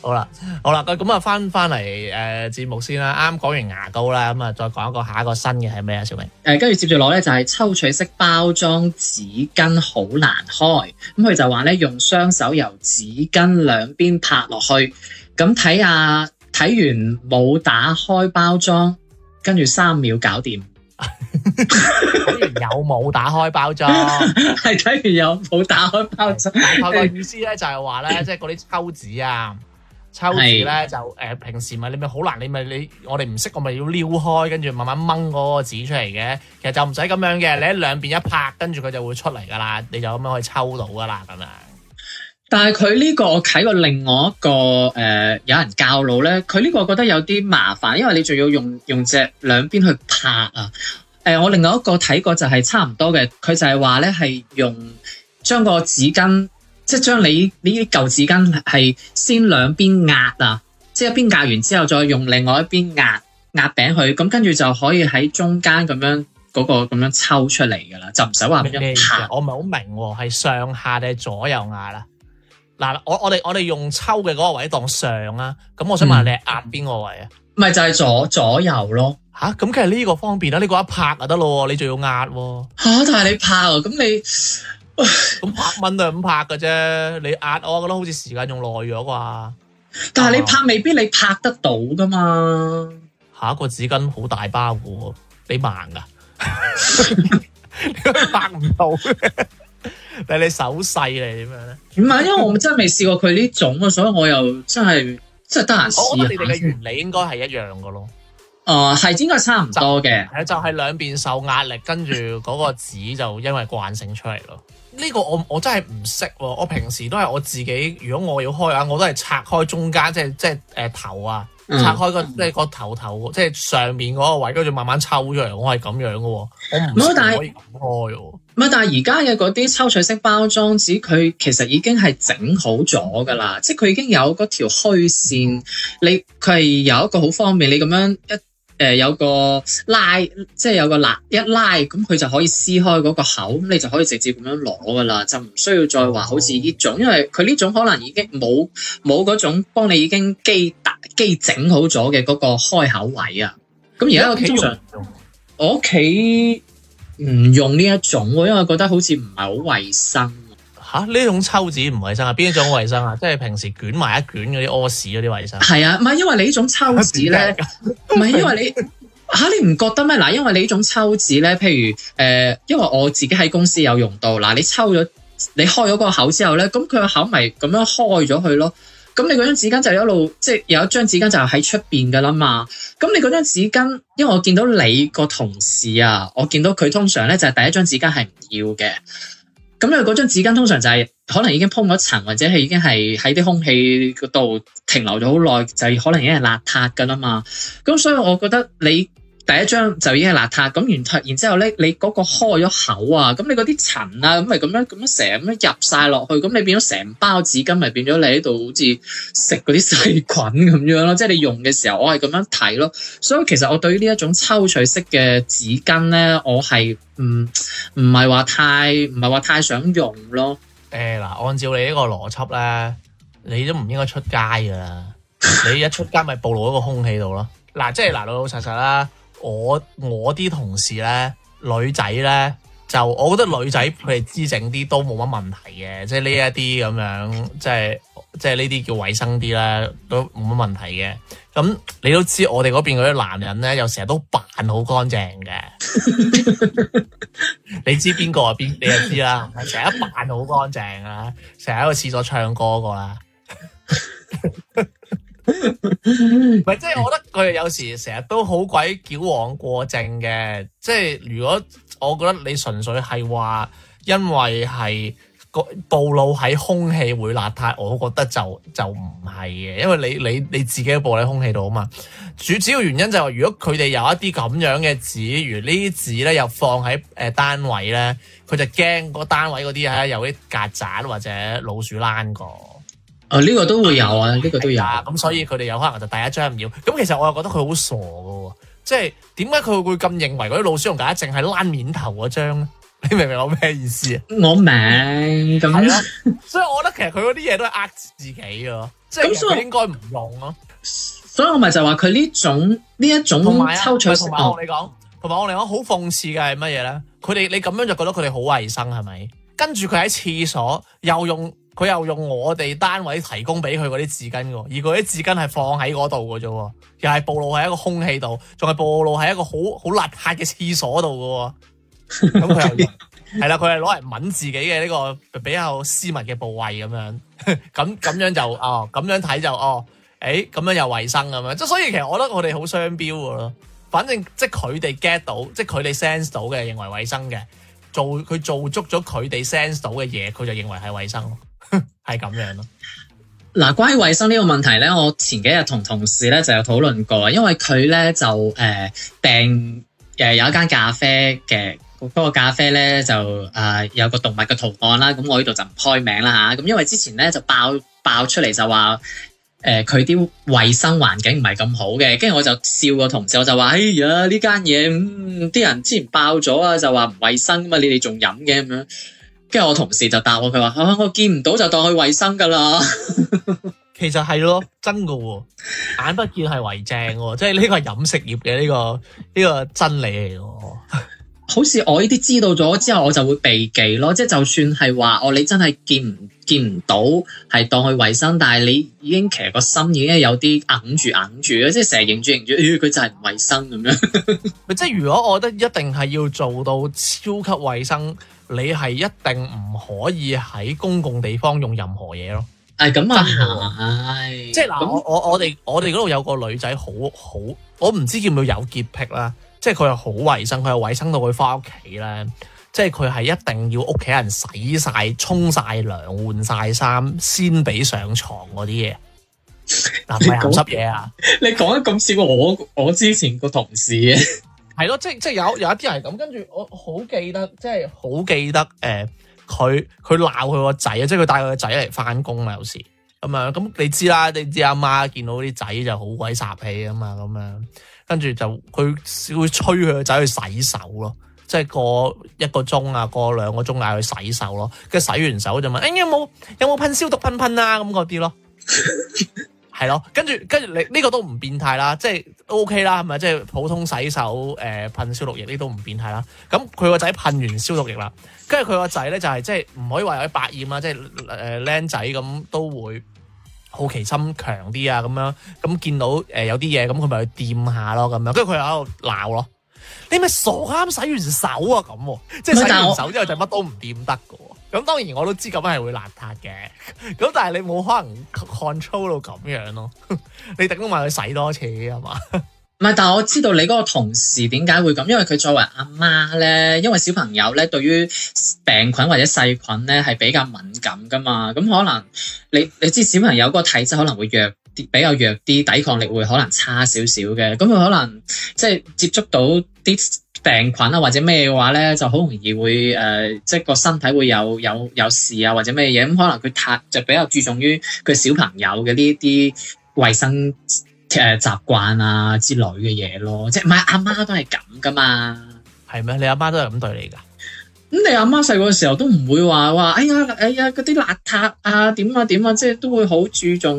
好啦，好啦，咁咁啊，翻翻嚟誒節目先啦。啱講完牙膏啦，咁啊，再講一個下一個新嘅係咩啊？小明誒，跟住、呃、接住攞咧就係抽取式包裝紙巾，好難開咁。佢就話咧用雙手由紙巾兩邊拍落去。咁睇下，睇完冇打開包裝，跟住三秒搞掂。睇完 有冇打開包裝？係睇完有冇打開包裝？大概個意思咧就係話咧，即係嗰啲抽紙啊，抽紙咧就誒、呃，平時咪你咪好難，你咪你，我哋唔識，我咪要撩開，跟住慢慢掹嗰個紙出嚟嘅。其實就唔使咁樣嘅，你喺兩邊一拍，跟住佢就會出嚟噶啦，你就咁樣可以抽到噶啦，咁樣。但係佢呢個我睇過另外一個誒、呃，有人教路咧，佢呢個我覺得有啲麻煩，因為你仲要用用只兩邊去拍啊。誒、呃，我另外一個睇過就係差唔多嘅，佢就係話咧係用將個紙巾，即係將你呢啲舊紙巾係先兩邊壓啊，即係一邊壓完之後，再用另外一邊壓壓餅佢咁跟住就可以喺中間咁樣嗰、那個咁樣抽出嚟噶啦，就唔使話一拍。我唔係好明、啊，係上下定係左右壓啦。嗱，我我哋我哋用抽嘅嗰個位當上啊，咁、嗯、我想問你壓邊個位啊？唔係就係左右左右咯，吓咁其實呢個方便啊，呢個一拍就得咯，你仲要壓、啊？吓、啊，但係你拍，啊，咁你咁 拍蚊都咁拍嘅啫，你壓我覺得好似時間用耐咗啩。但係你拍未必你拍得到噶嘛。下、啊、一個紙巾好大包噶喎，你盲噶、啊？ 你拍唔到。 但你手勢嚟，點樣咧？唔係，因為我真係未試過佢呢種啊， 所以我又真係即係得閒試下。我覺得你哋嘅原理應該係一樣噶咯。誒、呃，係應該差唔多嘅，就係兩邊受壓力，跟住嗰個紙就因為慣性出嚟咯。呢、這個我我真係唔識喎。我平時都係我自己，如果我要開啊，我都係拆開中間，即係即係誒頭啊，拆開、嗰個即係個頭頭，即係上面嗰個位，跟住慢慢抽出嚟。我係咁樣噶，我唔唔可以咁開。嗯但但係而家嘅嗰啲抽取式包裝紙，佢其實已經係整好咗噶啦，即係佢已經有嗰條虛線，你佢係有一個好方便，你咁樣一誒、呃、有個拉，即係有個拉一拉，咁佢就可以撕開嗰個口，你就可以直接咁樣攞噶啦，就唔需要再話好似呢種，因為佢呢種可能已經冇冇嗰種幫你已經機機整好咗嘅嗰個開口位啊。咁而家我屋我屋企。唔用呢一種，因為覺得好似唔係好衛生。吓、啊，呢種抽紙唔衛生啊？邊一種衛生啊？ 即係平時捲埋一捲嗰啲屙屎嗰啲衛生。係啊，唔係因為你呢種抽紙咧，唔係因為你吓你唔覺得咩？嗱，因為你呢種抽紙咧，譬如誒、呃，因為我自己喺公司有用到，嗱，你抽咗你開咗個口之後咧，咁佢個口咪咁樣開咗去咯。咁你嗰張紙巾就一路即係有一張紙巾就喺出邊噶啦嘛，咁你嗰張紙巾，因為我見到你個同事啊，我見到佢通常咧就係、是、第一張紙巾係唔要嘅，咁你嗰張紙巾通常就係可能已經鋪咗層，或者係已經係喺啲空氣嗰度停留咗好耐，就可能已經係邋遢噶啦嘛，咁所以我覺得你。第一張就已經係邋遢，咁然然之後咧，你嗰個開咗口啊，咁你嗰啲塵啊，咁咪咁樣咁樣成日咁樣入晒落去，咁你變咗成包紙巾，咪變咗你喺度好似食嗰啲細菌咁樣咯。即係你用嘅時候，我係咁樣睇咯。所以其實我對於呢一種抽取式嘅紙巾咧，我係唔唔係話太唔係話太想用咯。誒，嗱，按照你呢個邏輯咧，你都唔應該出街噶啦。你一出街咪暴露喺個空氣度咯。嗱，即係嗱老老實實啦。我我啲同事咧，女仔咧就，我覺得女仔佢哋姿整啲都冇乜問題嘅，即係呢一啲咁樣，即係即係呢啲叫衞生啲啦，都冇乜問題嘅。咁你都知我哋嗰邊嗰啲男人咧，又成日都扮好乾淨嘅。 你知邊個啊？邊你又知啦？係成日扮好乾淨啊！成日喺個廁所唱歌個啦。 唔係， 即係我覺得佢哋有時成日都好鬼矯枉過正嘅。即係如果我覺得你純粹係話，因為係個暴露喺空氣會邋遢，我覺得就就唔係嘅。因為你你你自己都暴喺空氣度啊嘛，主主要原因就係、話，如果佢哋有一啲咁樣嘅紙，如紙呢啲紙咧又放喺誒、呃、單位咧，佢就驚個單位嗰啲係有啲曱甴或者老鼠躝過。呢、哦這個都會有啊呢、嗯、個都有啊。咁的、嗯、所以佢哋有可能就第一張唔要咁、嗯、其實我又覺得佢好傻，噶，即係點解佢會咁認為，嗰啲老鼠同大家淨係爛面頭嗰張咧，你明唔明我咩意思啊？我明，咁 所以我覺得其實佢嗰啲嘢都係呃自己噶， 即係應該唔用咯、啊。所以我咪就話佢呢種呢一種抽彩同埋、啊、我哋講同埋我哋講好諷刺嘅係乜嘢咧？佢哋你咁樣就覺得佢哋好衛生係咪？跟住佢喺廁所又用。佢又用我哋單位提供俾佢嗰啲紙巾嘅，而佢啲紙巾係放喺嗰度嘅啫，又係暴露喺一個空氣度，仲係暴露喺一個好好邋遢嘅廁所度嘅。咁佢 又係啦，佢係攞嚟抆自己嘅呢個比較私密嘅部位咁樣，咁咁樣就哦，咁樣睇就哦，誒，咁樣又衛生咁樣，即所以其實我覺得我哋好雙標咯。反正即係佢哋 get 到，即係佢哋 sense 到嘅，認為衛生嘅，做佢做足咗佢哋 sense 到嘅嘢，佢就認為係衛生。係咁 樣咯。嗱，關於衛生呢個問題咧，我前幾日同同事咧就有討論過，因為佢咧就誒訂誒有一間咖啡嘅嗰、嗰個咖啡咧就誒、呃、有個動物嘅圖案啦。咁我呢度就唔開名啦吓。咁因為之前咧就爆爆出嚟就話誒佢啲衛生環境唔係咁好嘅，跟住我就笑個同事，我就話哎呀呢間嘢，啲、嗯、人之前爆咗啊，就話唔衛生啊嘛，你哋仲飲嘅咁樣。跟住我同事就答我，佢話：啊，我見唔到就當佢衛生噶啦。 其實係咯，真噶，眼不見係為正噶，即係呢個係飲食業嘅呢、呢個呢、呢個真理嚟。 好似我呢啲知道咗之後，我就會避忌咯。即係就算係話我你真係見唔見唔到，係當佢衛生，但係你已經其實個心已經有啲硬住硬住，即係成日認住認住，佢、呃、就係唔衛生咁樣。 即係如果我覺得一定係要做到超級衛生。你係一定唔可以喺公共地方用任何嘢咯、哎。誒咁啊，即係嗱，我我哋我哋嗰度有個女仔，好好，我唔知叫唔叫有潔癖啦。即係佢係好衞生，佢又衞生到佢翻屋企咧。即係佢係一定要屋企人洗晒、沖晒涼、換晒衫先俾上床嗰啲嘢。嗱，唔係鹹濕嘢啊！你講得咁少，我我之前個同事。係咯，即係即係有有一啲人係咁，跟住我好記得，即係好記得誒，佢佢鬧佢個仔啊，即係佢帶佢個仔嚟翻工啦，有時咁啊，咁你知啦，你知阿媽見到啲仔就好鬼煞氣啊嘛，咁啊，跟住就佢會催佢個仔去洗手咯，即係過一個鐘啊，過兩個鐘嗌佢洗手咯，跟住洗完手就問誒有冇有冇噴消毒噴噴啊咁嗰啲咯。係咯，跟住跟住你呢個都唔變態啦，即係 O K 啦，係咪即係普通洗手誒噴、呃、消毒液呢都唔變態啦。咁佢個仔噴完消毒液啦，跟住佢個仔咧就係、是、即係唔可以話有啲百厭啊，即係誒僆仔咁都會好奇心強啲啊咁樣，咁見到誒、呃、有啲嘢咁佢咪去掂下咯咁樣，跟住佢喺度鬧咯，你咪傻，啱洗完手啊咁，即係洗完手之後就乜都唔掂得嘅。咁當然我都知咁樣係會邋遢嘅，咁 但係你冇可能 control 到咁樣咯， 你頂多話佢洗多次啊嘛？唔係，但係我知道你嗰個同事點解會咁，因為佢作為阿媽咧，因為小朋友咧對於病菌或者細菌咧係比較敏感噶嘛，咁可能你你知小朋友嗰個體質可能會弱啲，比較弱啲，抵抗力會可能會差少少嘅，咁佢可能即係、就是、接觸到啲病菌啊或者咩嘅話咧就好容易會誒、呃、即係個身體會有有有事啊或者咩嘢，咁可能佢太就比較注重於佢小朋友嘅呢啲衛生誒習慣啊之類嘅嘢咯，即係唔係阿媽都係咁噶嘛係咩？你阿媽都係咁對你噶？咁你阿媽細個嘅時候都唔會話話哎呀哎呀嗰啲邋遢啊點啊點啊，啊即係都會好注重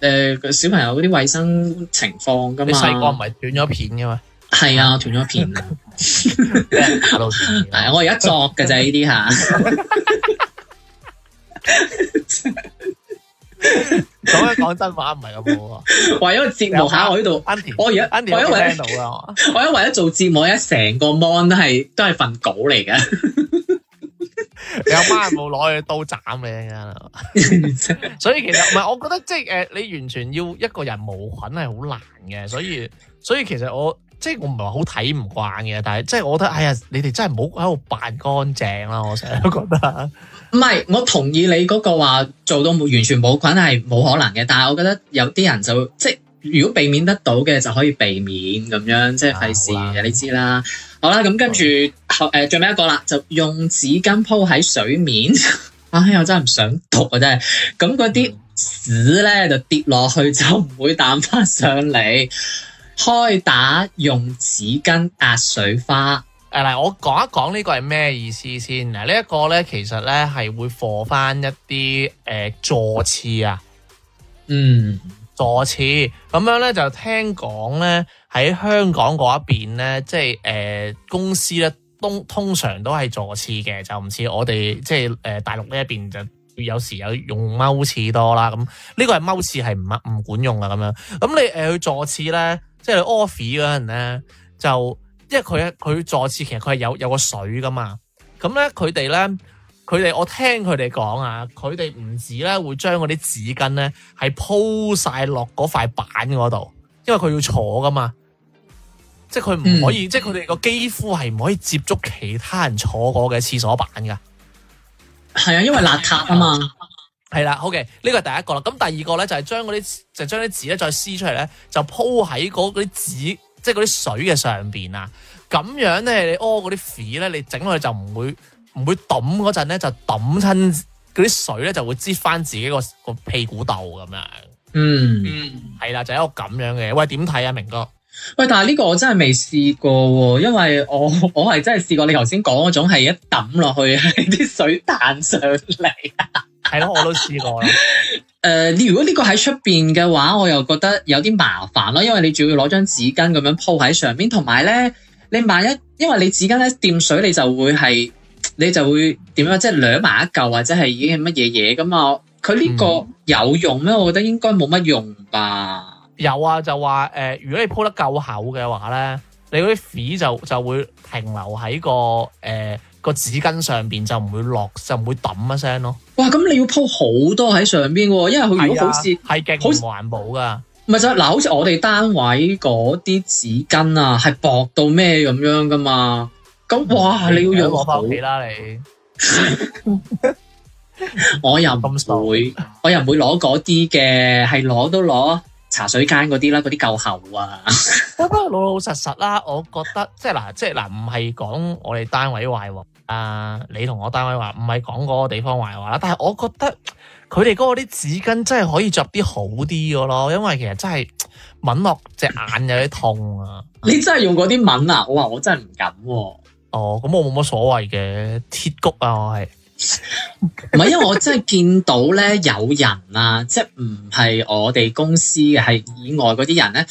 誒個、呃、小朋友嗰啲衛生情況噶嘛？咁你細個唔係斷咗片噶嘛？係啊，斷咗片了。 我而家作嘅啫，呢啲吓。講一講 真話唔係咁好啊！為咗節目下，我呢度，我而家，我因為聽到啦，我因為一做節目，一成個 mon 都係都係份稿嚟嘅。 你阿媽係冇攞佢刀斬你啊！ 所以其實唔係， 我覺得即係誒、呃，你完全要一個人冇菌係好難嘅，所以所以，所以其實我。即係我唔係話好睇唔慣嘅，但係即係我覺得哎呀，你哋真係唔好喺度扮乾淨啦，我成日都覺得。唔係，我同意你嗰個話，做到完全冇菌係冇可能嘅。但係我覺得有啲人就即係如果避免得到嘅就可以避免咁樣，即係費事你知啦。好啦，咁跟住誒最尾一個啦，就用紙巾鋪喺水面。 哎，我真係唔想讀啊，真係。咁嗰啲屎咧就跌落去就唔會彈翻上嚟。開打用紙巾壓水花，誒嗱，我講一講呢個係咩意思先。嗱、這個，呢一個咧，其實咧係會放翻一啲誒、呃、坐廁啊，嗯，坐廁咁樣咧就聽講咧喺香港嗰一邊咧，即係誒、呃、公司咧通通常都係坐廁嘅，就唔似我哋即係誒、呃、大陸呢一邊就有時有用踎廁多啦咁。呢、這個係踎廁係唔唔管用噶，咁樣，咁你誒去、呃、坐廁咧？即係 office 嗰陣咧，就因為佢佢坐廁其實佢係有有個水噶嘛，咁咧佢哋咧佢哋我聽佢哋講啊，佢哋唔止咧會將嗰啲紙巾咧係鋪晒落嗰塊板嗰度，因為佢要坐噶嘛，即係佢唔可以，嗯、即係佢哋個肌膚係唔可以接觸其他人坐過嘅廁所板噶。係啊，因為邋遢啊嘛。係啦，好嘅，呢、OK, 個係第一個啦。咁第二個咧就係、是、將嗰啲就是、將啲紙咧再撕出嚟，咧，就鋪喺嗰啲紙，即係嗰啲水嘅上邊啊。咁樣咧、哦，你屙嗰啲屎咧，你整落去就唔會唔會抌嗰陣咧，就抌親嗰啲水咧就會滋翻自己個個屁股度咁樣。嗯，係啦，就係、一個咁樣嘅。喂，點睇啊，明哥？喂，但係呢個我真係未試過、哦，因為我我係真係試過你頭先講嗰種係一抌落去，啲 水彈上嚟啊。係咯，我都試過啦。誒，你如果呢個喺出邊嘅話，我又覺得有啲麻煩咯，因為你仲要攞張紙巾咁樣鋪喺上面。同埋咧，你萬一因為你紙巾咧掂水你，你就會係，你就會點樣，即係晾埋一嚿或者係已經係乜嘢嘢咁嘛。佢呢個有用咩？我覺得應該冇乜用吧。有啊，就話誒、呃，如果你鋪得夠厚嘅話咧，你嗰啲屎就就會停留喺個誒。呃個紙巾上邊就唔會落，就唔會抌一聲咯。哇！咁你要鋪好多喺上邊，啊，因為佢如果好似係勁唔環保噶。唔係就嗱，好似我哋單位嗰啲紙巾啊，係薄到咩咁樣噶嘛？咁哇，嗯、你要用我包皮啦，你我又咁水， 我又唔會攞嗰啲嘅，係攞 都攞茶水間嗰啲啦，嗰啲舊喉啊。 老老實實啦，我覺得即係嗱，即係嗱，唔係講我哋單位壞喎。啊！Uh, 你同我單位話唔係講嗰個地方壞話啦，但係我覺得佢哋嗰個啲紙巾真係可以着啲好啲嘅咯，因為其實真係聞落隻眼有啲痛啊！你真係用嗰啲聞啊！我話我真係唔敢。哦，咁我冇乜所謂嘅鐵谷啊！我係唔係因為我真係見到咧有人啊，即係唔係我哋公司嘅，係以外嗰啲人咧，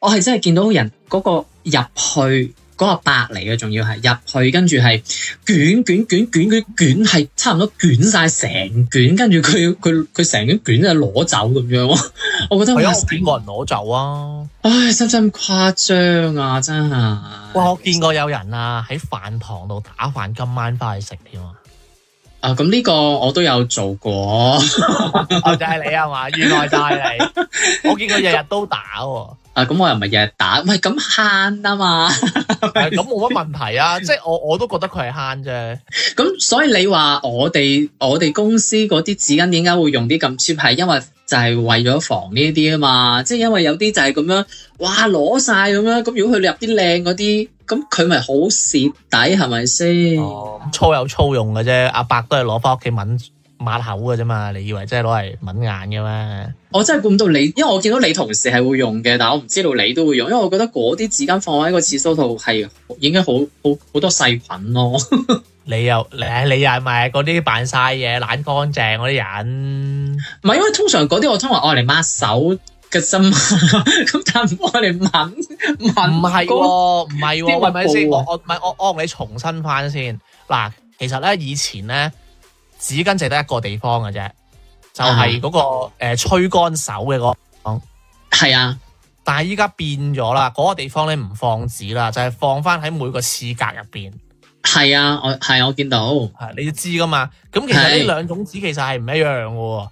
我係真係見到人嗰個入去。嗰個白嚟嘅，仲要係入去，跟住係捲卷卷卷卷卷，係差唔多捲晒成卷，跟住佢佢佢成卷卷就攞走咁樣，我覺得係幾個人攞走啊！唉，真真咁誇張啊，真係！我見過有人啊喺飯堂度打飯，今晚返去食添啊！啊、嗯，咁、這、呢個我都有做過， 就係你係嘛？原來就係你， 我見過日日都打，打。啊，咁我又唔係日日打，唔係咁慳啊嘛，咁冇乜問題啊，即係我我都覺得佢係慳啫。咁所以你話我哋我哋公司嗰啲紙巾點解會用啲咁 cheap？係因為就係為咗防呢啲啊嘛，即係因為有啲就係咁樣，哇攞晒咁樣，咁如果佢入啲靚嗰啲，咁佢咪好蝕底係咪先？粗有粗用嘅啫，阿伯都係攞翻屋企問。抹口嘅啫嘛，你以為真係攞嚟抹眼嘅咩？我真係估唔到你，因為我見到你同事係會用嘅，但我唔知道你都會用，因為我覺得嗰啲紙巾放喺個廁所度係應該好好好多細菌咯。 你又，你你又係咪嗰啲扮晒嘢，懶乾淨嗰啲人？唔係，因為通常嗰啲我通常愛嚟抹手嘅心，咁 但唔愛嚟抹抹唔係，唔係，唔係咪先？我我唔我我，我，我你重新翻先嗱，其實咧以前咧。紙巾淨得一個地方嘅啫，就係、是、嗰個吹乾手嘅嗰，係啊！但係依家變咗啦，嗰個地方咧唔、啊那個、放紙啦，就係、是、放翻喺每個廁格入邊。係啊，我係我見到，係你都知噶嘛？咁其實呢是兩種紙其實係唔一樣嘅喎。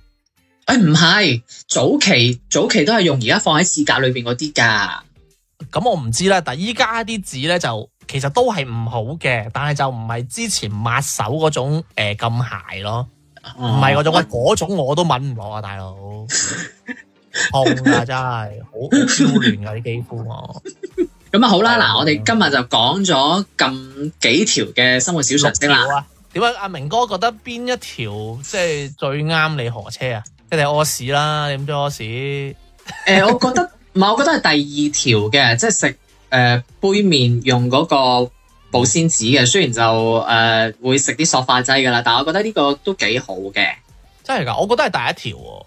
誒唔係，早期早期都係用而家放喺廁格裏邊嗰啲噶。咁我唔知啦，但係依家啲紙咧就。其實都係唔好嘅，但係就唔係之前抹手嗰種誒咁鞋咯，唔係嗰種，嗰種我都敏唔落啊，大佬痛啊真係 好嬌嫩啊啲肌膚我。咁啊好啦，嗱啦我哋今日就講咗咁幾條嘅生活小常識啦。點解阿明哥覺得邊一條即係最啱你何車啊？即係你屙屎啦，點樣屙屎？誒、呃，我覺得唔係， 我覺得係第二條嘅，即、就、係、是、食。誒、呃，杯麵用嗰個保鮮紙嘅，雖然就誒、呃、會食啲塑化劑噶啦，但我覺得呢個都幾好嘅，真係噶，我覺得係第一條喎、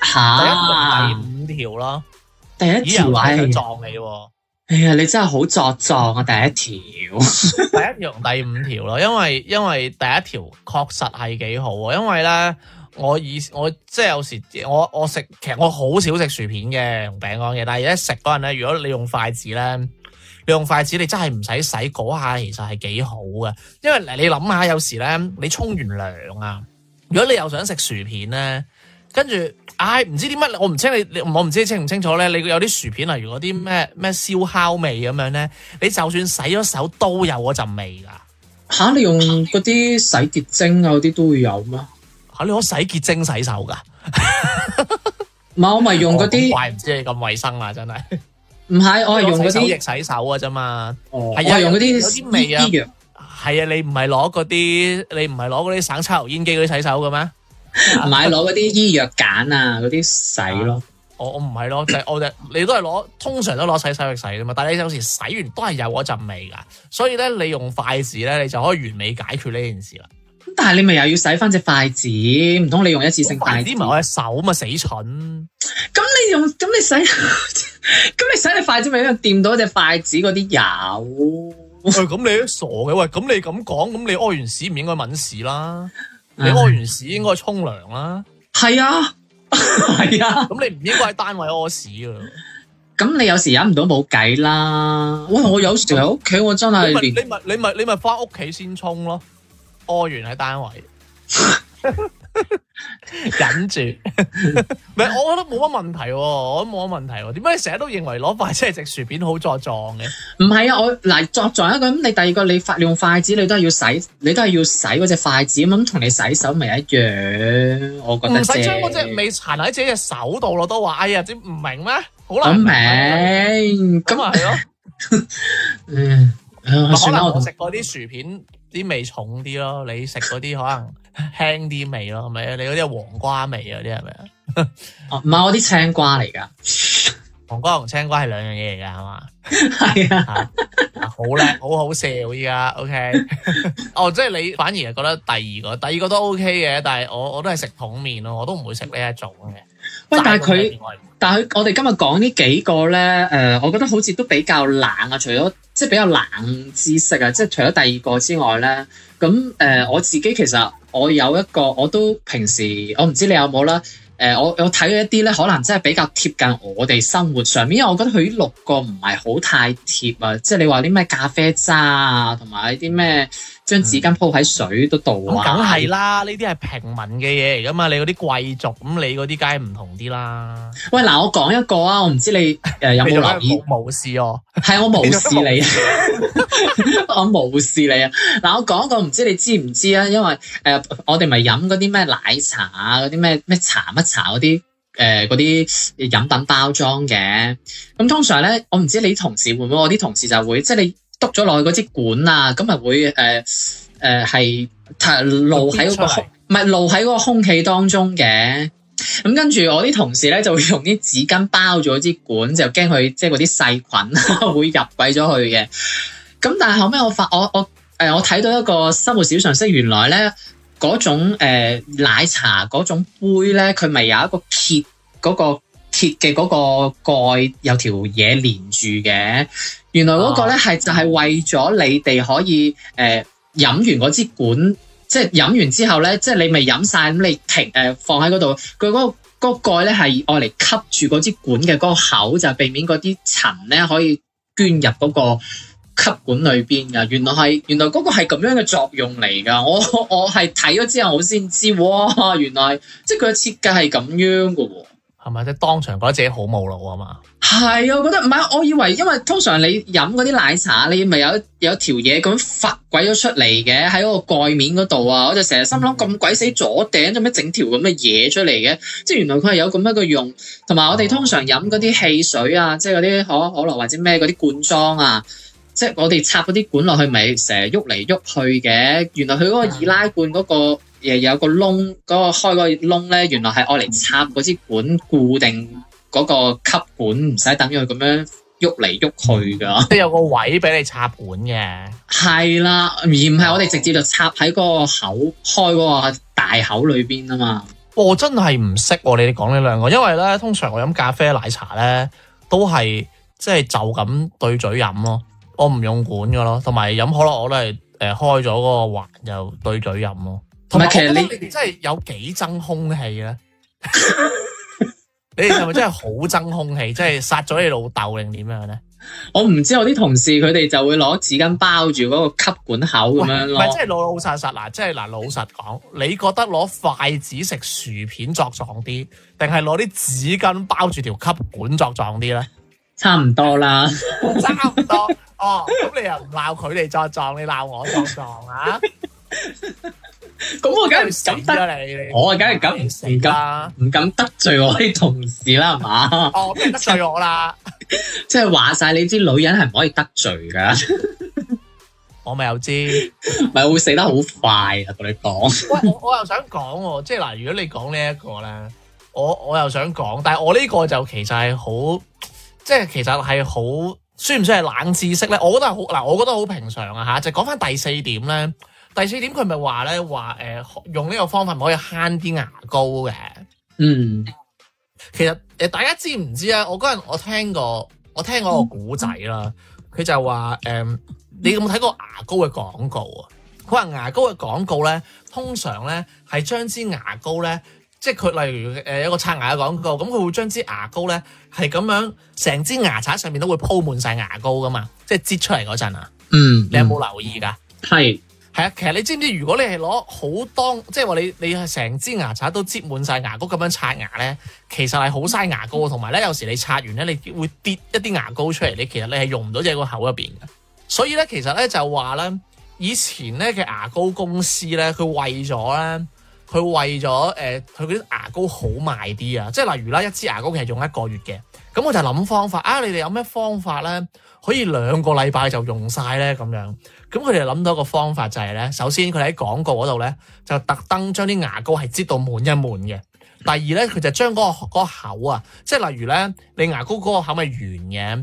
啊，啊、第一條第五條咯、啊，第一條係撞你、啊，哎呀，你真係好作狀啊，第一條， 第一條同第五條咯、啊，因為因為第一條確實係幾好啊，因為咧。我以我即係有時我我食其實我好少食薯片嘅、餅乾嘅，但係而家食嗰陣咧，如果你用筷子咧，你用筷子你真係唔使洗嗰下，其實係幾好嘅。因為你諗下，有時咧你沖完涼啊，如果你又想食薯片咧，跟住唉唔知點乜，我唔清你，我唔知你清唔清楚咧。你有啲薯片例如嗰啲咩咩燒烤味咁樣咧，你就算洗咗手都有嗰陣味噶吓、啊？你用嗰啲洗潔精啊嗰啲都會有咩？吓、啊、你攞洗潔精洗手噶？唔 係我咪用嗰啲？怪唔知你咁衛生啦，真係。唔係我係用嗰啲洗手液洗手、哦、啊，啫嘛。哦，係啊藥，用嗰啲有味啊。係啊，你唔係攞嗰啲，你唔係攞嗰啲省抽油煙機嗰啲洗手嘅咩？唔係攞嗰啲醫藥鹼啊，嗰啲洗咯。 我我唔係咯，就是、我哋你都係攞，通常都攞洗手液洗啫嘛。但係你有時洗完都係有嗰陣味噶，所以咧你用筷子咧，你就可以完美解決呢件事啦。但係你咪又要洗翻隻筷子？唔通你用一次性筷子咪我隻手嘛？死蠢！咁你用咁你洗，咁你洗你筷子咪應該掂到隻筷子嗰啲油。誒，咁你都傻嘅？喂，咁你咁講，咁你屙完屎唔應該揾屎啦？你屙完屎應該沖涼啦。係啊，係啊。咁你唔應該喺單位屙屎啊！咁你有時忍唔到冇計啦。喂，我有時喺屋企，我真係你咪你咪你咪你咪翻屋企先沖咯。我原喺單位 忍住，唔 係我覺得冇乜問題，啊，我都冇乜問題，啊。點解你成日都認為攞筷子食薯片好作狀嘅？唔係啊，我嚟作狀一個咁，你第二個你用筷子你都係要洗，你都係要洗嗰隻筷子咁，同你洗手咪一樣？我覺得唔使將嗰隻未殘喺自己嘅手度咯，都話哎呀，點唔明咩？好難唔明咁啊係咯，可能我食嗰啲薯片，啲味重啲咯，你食嗰啲可能輕啲味咯，係咪啊？你嗰啲係黃瓜味嗰啲係咪啊？哦，唔係我啲青瓜嚟㗎， 黃瓜同青瓜係兩樣嘢嚟㗎，係嘛？係啊， 好靚，好好笑依家，OK。 哦，即係你反而係覺得第二個，第二個都 OK 嘅，但係我我都係食桶麵咯，我都唔會食呢一種嘅。喂，但係佢。但係我哋今日講呢幾個咧，誒、呃，我覺得好似都比較冷啊，除咗即係比較冷知識啊，即係除咗第二個之外咧，咁誒、呃，我自己其實我有一個，我都平時我唔知你有冇啦，誒、呃，我我睇咗一啲咧，可能真係比較貼近我哋生活上面，因為我覺得佢呢六個唔係好太貼啊，即係你話啲咩咖啡渣啊，同埋啲咩。將紙巾鋪喺水度，梗係啦，呢啲係平民嘅嘢嚟噶嘛？你嗰啲貴族咁，你嗰啲梗係唔同啲啦。喂，嗱，我講一個啊，我唔知你誒有冇留意？無 無視我，係我冇事你， 我冇事你啊！嗱，我講一個，唔知你知唔知啊？因為誒、呃，我哋咪飲嗰啲咩奶茶啊，嗰啲咩咩茶乜茶嗰啲誒，嗰啲飲品包裝嘅。咁通常咧，我唔知你同事會唔會，我啲同事就會即係你。篤咗落去嗰支管啊，咁咪會誒誒係滯露喺嗰個空，唔係露喺嗰個空氣當中嘅。咁跟住我啲同事咧就會用啲紙巾包住嗰支管，就驚佢即係嗰啲細菌 會入鬼咗去嘅。咁但係後尾我發我我誒我睇到一個生活小常識，原來咧嗰種誒、呃、奶茶嗰種杯咧，佢咪有一個揭嗰、嗰個。嘅嗰個蓋有條嘢連住嘅，原來嗰個咧係、啊、就係為咗你哋可以誒、呃、飲完嗰支管，即係飲完之後咧，即、就、係、係、你咪飲晒，咁，你停誒、呃、放喺嗰度。佢嗰、嗰個嗰、嗰個、蓋咧係愛嚟吸住嗰支管嘅嗰個口，就係、避免嗰啲塵咧可以捐入嗰個吸管裏邊㗎。原來係原來嗰個係咁樣嘅作用嚟㗎。我我係睇咗之後，我先知哇，原來即係佢嘅設計係咁樣㗎喎。係咪即係當場覺得自己好冇腦啊嘛？係啊，我覺得唔係，我以為因為通常你飲嗰啲奶茶，你咪有有條嘢咁發鬼咗出嚟嘅喺嗰個蓋面嗰度啊，我就成日心諗咁鬼死左頂做咩整條咁嘅嘢出嚟嘅？即係原來佢係有咁樣個用，同埋我哋通常飲嗰啲汽水啊，哦、即係嗰啲可可樂或者咩嗰啲罐裝啊，即係我哋插嗰啲管落去，咪成日喐嚟喐去嘅。原來佢嗰個易拉罐嗰個、嗯。有個窿，嗰、嗰個開個窿咧，原來係我嚟插嗰支管固定嗰個吸管，唔使等佢咁樣喐嚟喐去噶，即 有個位俾你插管嘅，係啦，而唔係我哋直接就插喺個口開嗰個大口裏邊啊嘛。我真係唔識，喎你哋講呢兩個，因為咧通常我飲咖啡、奶茶咧都係即係就咁、是、對嘴飲咯、啊，我唔用管噶咯，同埋飲可樂我都係誒開咗嗰個環就對嘴飲咯、啊。同埋其實你哋真係有幾憎空氣咧、啊？ 你哋係咪真係好憎空氣？真係殺咗你老豆定點樣咧？我唔知，我啲同事佢哋就會攞紙巾包住嗰個吸管口咁樣攞。唔係，即係老老實實嗱，即係嗱，老實講，你覺得攞筷子食薯片作狀啲，定係攞啲紙巾包住條吸管作狀啲咧？差唔多啦，差唔多。哦，咁你又唔鬧佢哋作狀，你鬧我作狀啊？ 咁、嗯、我梗係唔敢得罪你，你我啊梗係唔敢唔敢唔敢得罪我啲同事啦係嘛， 哦得罪我啦， 即係話晒你知女人係唔可以得罪噶， 我咪又知，咪會死得好快啊同你講，喂 我我，我又想講即係嗱，如果你講呢一個咧，我我又想講，但係我呢個就其實係好，即係其實係好，算唔算係冷知識咧？我覺得好嗱，我覺得好平常啊吓，就講、是、翻第四點咧。第四點，佢咪話咧，話誒用呢個方法可以慳啲牙膏嘅。嗯，其實誒，大家知唔知啊？我嗰陣我聽過，我聽過個古仔啦。佢就話誒，你有冇睇過牙膏嘅廣告啊？可能牙膏嘅廣告咧，通常咧係將支牙膏咧，即係佢例如誒一個刷牙嘅廣告，咁佢會將支牙膏咧係咁樣成支牙刷上面都會鋪滿晒牙膏噶嘛，即係擠出嚟嗰陣啊。嗯，你有冇留意噶？係。係啊，其實你知唔知？如果你係攞好多，即係話你你係成支牙刷都擠滿晒牙膏咁樣刷牙咧，其實係好嘥牙膏。同埋咧，有時你刷完咧，你會跌一啲牙膏出嚟。你其實你係用唔到隻個口入邊嘅。所以咧，其實咧就話咧，以前咧嘅牙膏公司咧，佢為咗咧。佢為咗誒佢嗰啲牙膏好賣啲啊，即係例如啦，一支牙膏佢係用一個月嘅，咁我就諗方法啊，你哋有咩方法咧可以兩個禮拜就用晒咧咁樣？咁佢哋諗到一個方法就係咧，首先佢哋喺廣告嗰度咧就特登將啲牙膏係擠到滿一滿嘅。第二咧，佢就將嗰個嗰個口啊，即係例如咧，你牙膏嗰個口咪圓嘅、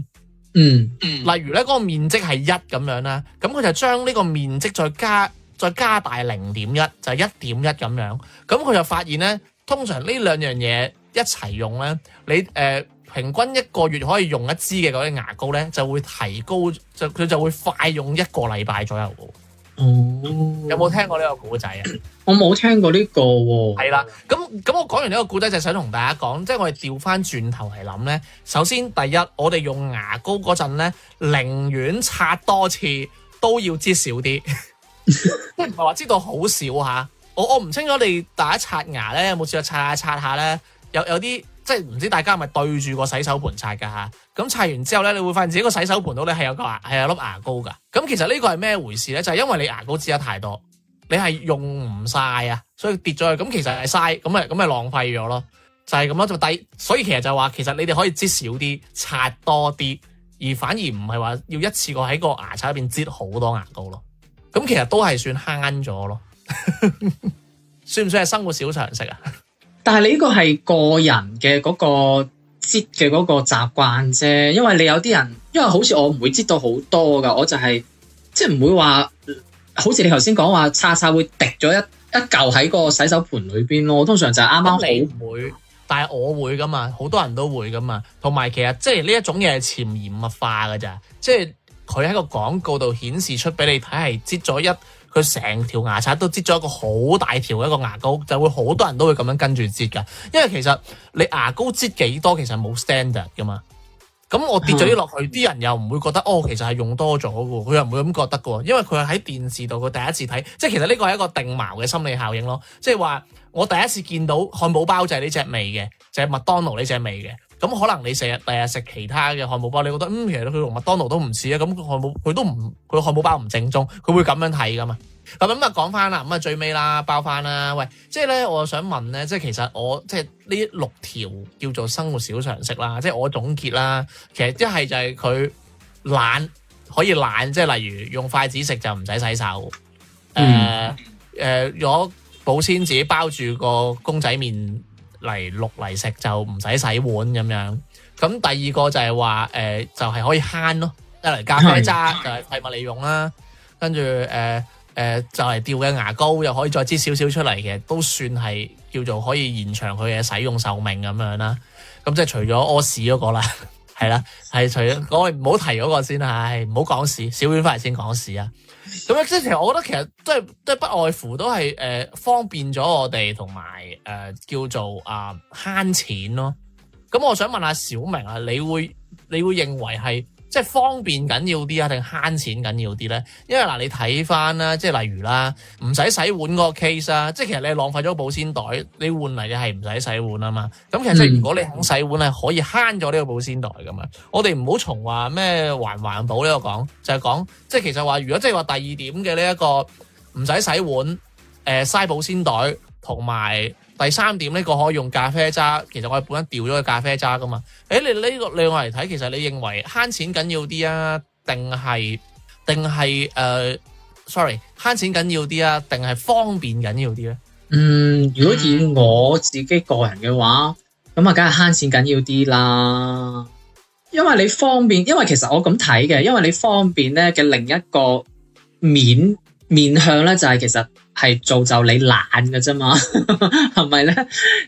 嗯，嗯嗯，例如咧嗰個面積係一咁樣啦，咁佢就將呢個面積再加。再加大零點一，就一點一咁樣。咁佢就發現呢，通常呢兩樣嘢一齊用呢，你誒、呃、平均一個月可以用一支嘅嗰啲牙膏呢，就會提高，就佢就會快用一個禮拜左右嘅。嗯、有冇聽過呢個故仔啊？我冇聽過呢個喎、哦。係啦，咁咁我講完呢個故仔就是、想同大家講，即、就、係、是、我哋調返轉頭嚟諗呢。首先第一，我哋用牙膏嗰陣咧，寧願刷多次都要擠少啲。即係唔係話知道好少吓、啊，我我唔清楚，你大家刷牙咧，有冇試過刷下刷下咧，有有啲即係唔知大家係咪對住個洗手盤刷噶吓，咁、啊、刷完之後咧，你會發現自己個洗手盤度咧係有個係有粒牙膏噶，咁、啊、其實呢個係咩回事咧？就係、是、因為你牙膏擠得太多，你係用唔晒啊，所以跌咗去，咁其實係嘥，咁咪咁咪浪費咗咯，就係咁樣。就低。所以其實就話，其實你哋可以擠少啲，刷多啲，而反而唔係話要一次過喺個牙刷入邊擠好多牙膏咯。咁其實都係算慳咗咯， 算唔算係生活小常識啊？但係你呢個係個人嘅嗰個擠嘅嗰個習慣啫，因為你有啲人，因為好似我唔會擠到好多噶，我就係、係、即係唔會話，好似你頭先講話叉叉會滴咗一一嚿喺個洗手盆裏邊咯。我通常就係啱啱好唔會， 但係我會噶嘛，好多人都會噶嘛，同埋其實即係呢一種嘢係潛移默化噶咋，即係。佢喺個廣告度顯示出俾你睇係擠咗一佢成條牙刷都擠咗一個好大條嘅一個牙膏，就會好多人都會咁樣跟住擠㗎。因為其實你牙膏擠幾多其實冇 standard 噶嘛。咁我跌咗啲落去，啲人又唔會覺得哦，其實係用多咗嘅。佢又唔會咁覺得嘅，因為佢係喺電視度佢第一次睇，即係其實呢個係一個定錨嘅心理效應咯。即係話我第一次見到漢堡包就係呢隻味嘅，就係、是、麥當勞呢隻味嘅。咁可能你成日第日食其他嘅漢堡包，你覺得嗯其實佢同麥當勞都唔似啊，咁漢堡佢都唔佢漢堡包唔正宗，佢會咁樣睇噶嘛？咁、嗯、啊、嗯、講翻啦，咁、嗯、啊最尾啦包翻啦，喂，即係咧，我想問咧，即係其實我即係呢六條叫做生活小常識啦，即係我總結啦，其實一係就係佢懶可以懶，即係例如用筷子食就唔使洗手，誒誒、嗯，攞、呃呃、保鮮紙包住個公仔麵。嚟落嚟食就唔使洗碗咁樣，咁第二個就係話，誒，就係、是、可以慳咯、啊，一嚟咖啡渣就係廢物利用啦、啊，跟住誒誒就嚟、是、掉嘅牙膏又可以再支少少出嚟嘅，都算係叫做可以延長佢嘅使用壽命咁樣啦。咁即係除咗屙屎嗰個啦，係 啦、啊，係除咗我唔好提嗰個先、哎、啊，唔好講屎，小婉翻嚟先講屎啊。咁樣即係，其實我覺得其實都係都不外乎都係誒、呃、方便咗我哋同埋誒叫做啊慳、呃、錢咯。咁、嗯、我想問下小明啊，你會你會認為係？即係方便緊要啲啊，定慳錢緊要啲咧？因為嗱，你睇翻啦，即係例如啦，唔使洗碗嗰個 case 啊，即係其實你係浪費咗個保鮮袋，你換嚟嘅係唔使洗碗啊嘛。咁其實如果你肯洗碗，係可以慳咗呢個保鮮袋㗎嘛。我哋唔好從話咩環唔環保呢個講，就係講即係其實話如果即係話第二點嘅呢一個唔使洗碗，誒、呃、嘥保鮮袋同埋。第三點呢、呢個可以用咖啡渣，其實我係本身掉咗個咖啡渣噶嘛。誒、欸，你呢個你,你我嚟睇，其實你認為慳錢緊要啲啊，定係定係誒？Sorry，慳錢緊要啲啊，定係方便緊要啲咧？嗯，如果以我自己個人嘅話，咁啊、嗯，梗係慳錢緊要啲啦。因為你方便，因為其實我咁睇嘅，因為你方便咧嘅另一個面面向咧，就係其實。係造就你懶嘅啫嘛，係咪咧？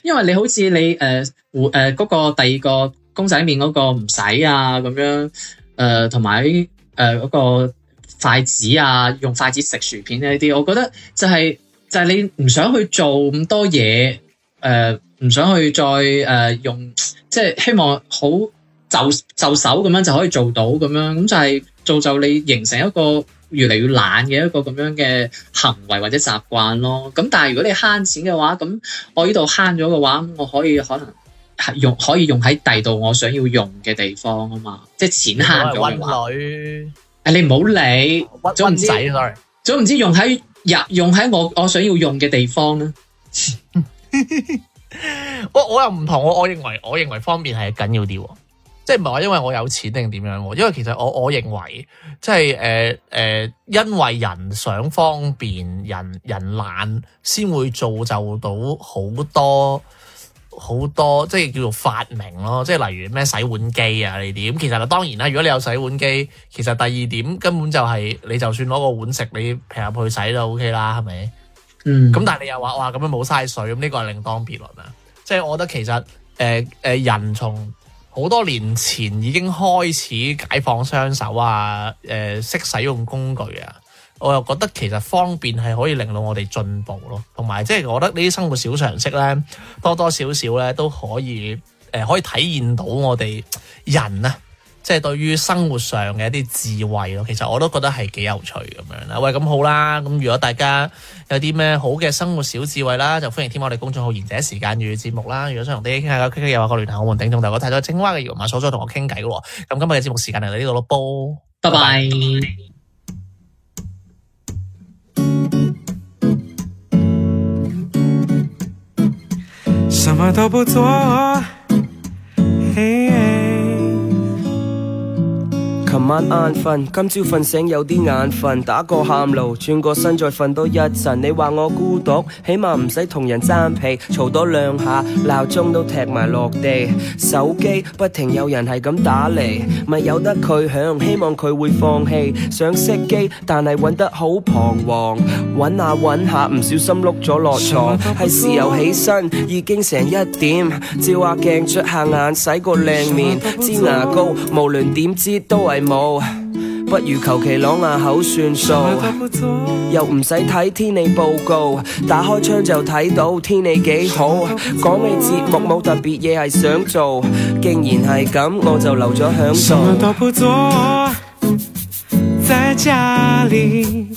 因為你好似你誒，誒嗰個第二個公仔麵嗰個唔使啊咁樣，誒同埋誒嗰個筷子啊，用筷子食薯片呢啲，我覺得就係、是、就係、是、你唔想去做咁多嘢，誒、呃、唔想去再誒、呃、用，即、就、係、是、希望好就就手咁樣就可以做到咁樣，咁就係造就你形成一個。越嚟越懶嘅一個咁樣嘅行為或者習慣咯。咁但係如果你慳錢嘅話，咁我呢度慳咗嘅話，我可以可能用可以用喺第二度我想要用嘅地方啊嘛，即係錢慳咗嘅話，女你唔好理，屈女溫，總唔知總唔知用喺入用喺我我想要用嘅地方咧 ，我有我又唔同我我認為我認為方便係緊要啲。即係唔係話因為我有錢定點樣？因為其實我我認為，即係誒誒，因為人想方便，人人懶，先會造就到好多好多，即係叫做發明咯。即係例如咩洗碗機啊你啲。其實當然啦，如果你有洗碗機，其實第二點根本就係、是、你就算攞個碗食，你平入去洗都 O K 啦，係咪？嗯。咁但係你又話哇咁樣冇嘥水，咁呢個係另當別論啊。即係我覺得其實誒誒、呃，人從好多年前已經開始解放雙手啊！誒、呃，識使用工具啊！我又覺得其實方便係可以令到我哋進步咯，同埋即係我覺得呢啲生活小常識咧，多多少少咧都可以誒、呃，可以體現到我哋人啊！ 即係對於生活上嘅一啲智慧咯，其實我都覺得係幾有趣咁樣啦。喂，咁好啦，咁如果大家有啲咩好嘅生活小智慧啦，就歡迎添加我哋公眾號賢者時間與節目啦。如果想同啲傾下偈，又話個聯繫我門頂中大哥睇到青蛙嘅魚麻所酥同我傾偈嘅喎。咁今日嘅節目時間嚟到呢度咯，播，拜拜。琴晚晏瞓，今朝瞓醒有啲眼瞓，打個喊露，轉個身再瞓多一陣，你話我孤獨，起碼唔使同人爭被，嘈多兩下，鬧鐘都踢埋落地，手機不停有人係咁打嚟，咪有得佢響，希望佢會放棄，想熄機，但係揾得好彷徨，揾下揾下唔小心碌咗落床，係時候起身，已經成一點，照下鏡捽下眼，洗個靚面，擠牙膏，無論點擠都係。冇，不如求其朗牙口算數。又唔使睇天氣報告，打開窗就睇到天氣幾好。講你節目冇特別嘢係想做，竟然係咁，我就留咗響度。什麼都不做，在家裏，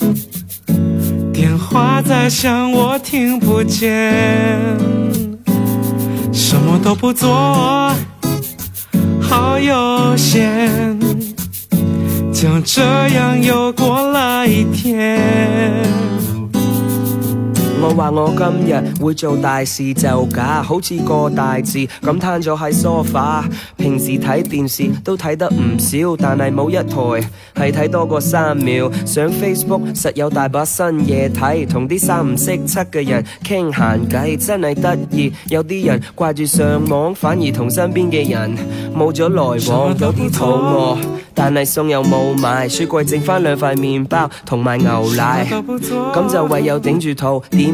電話在響我聽唔見，什麼都不做，好悠閒。像這樣，又過了一天。我話我今日會做大事就假，好似個大字咁攤咗喺 sofa。平時睇電視都睇得唔少，但係冇一台係睇多過三秒。上 Facebook 實有大把新嘢睇，同啲三唔識七嘅人傾閒偈真係得意。有啲人掛住上網，反而同身邊嘅人冇咗來往。來有啲肚餓，但係送又冇買，雪櫃剩返兩塊麵包同埋牛奶。咁就唯有頂住肚。點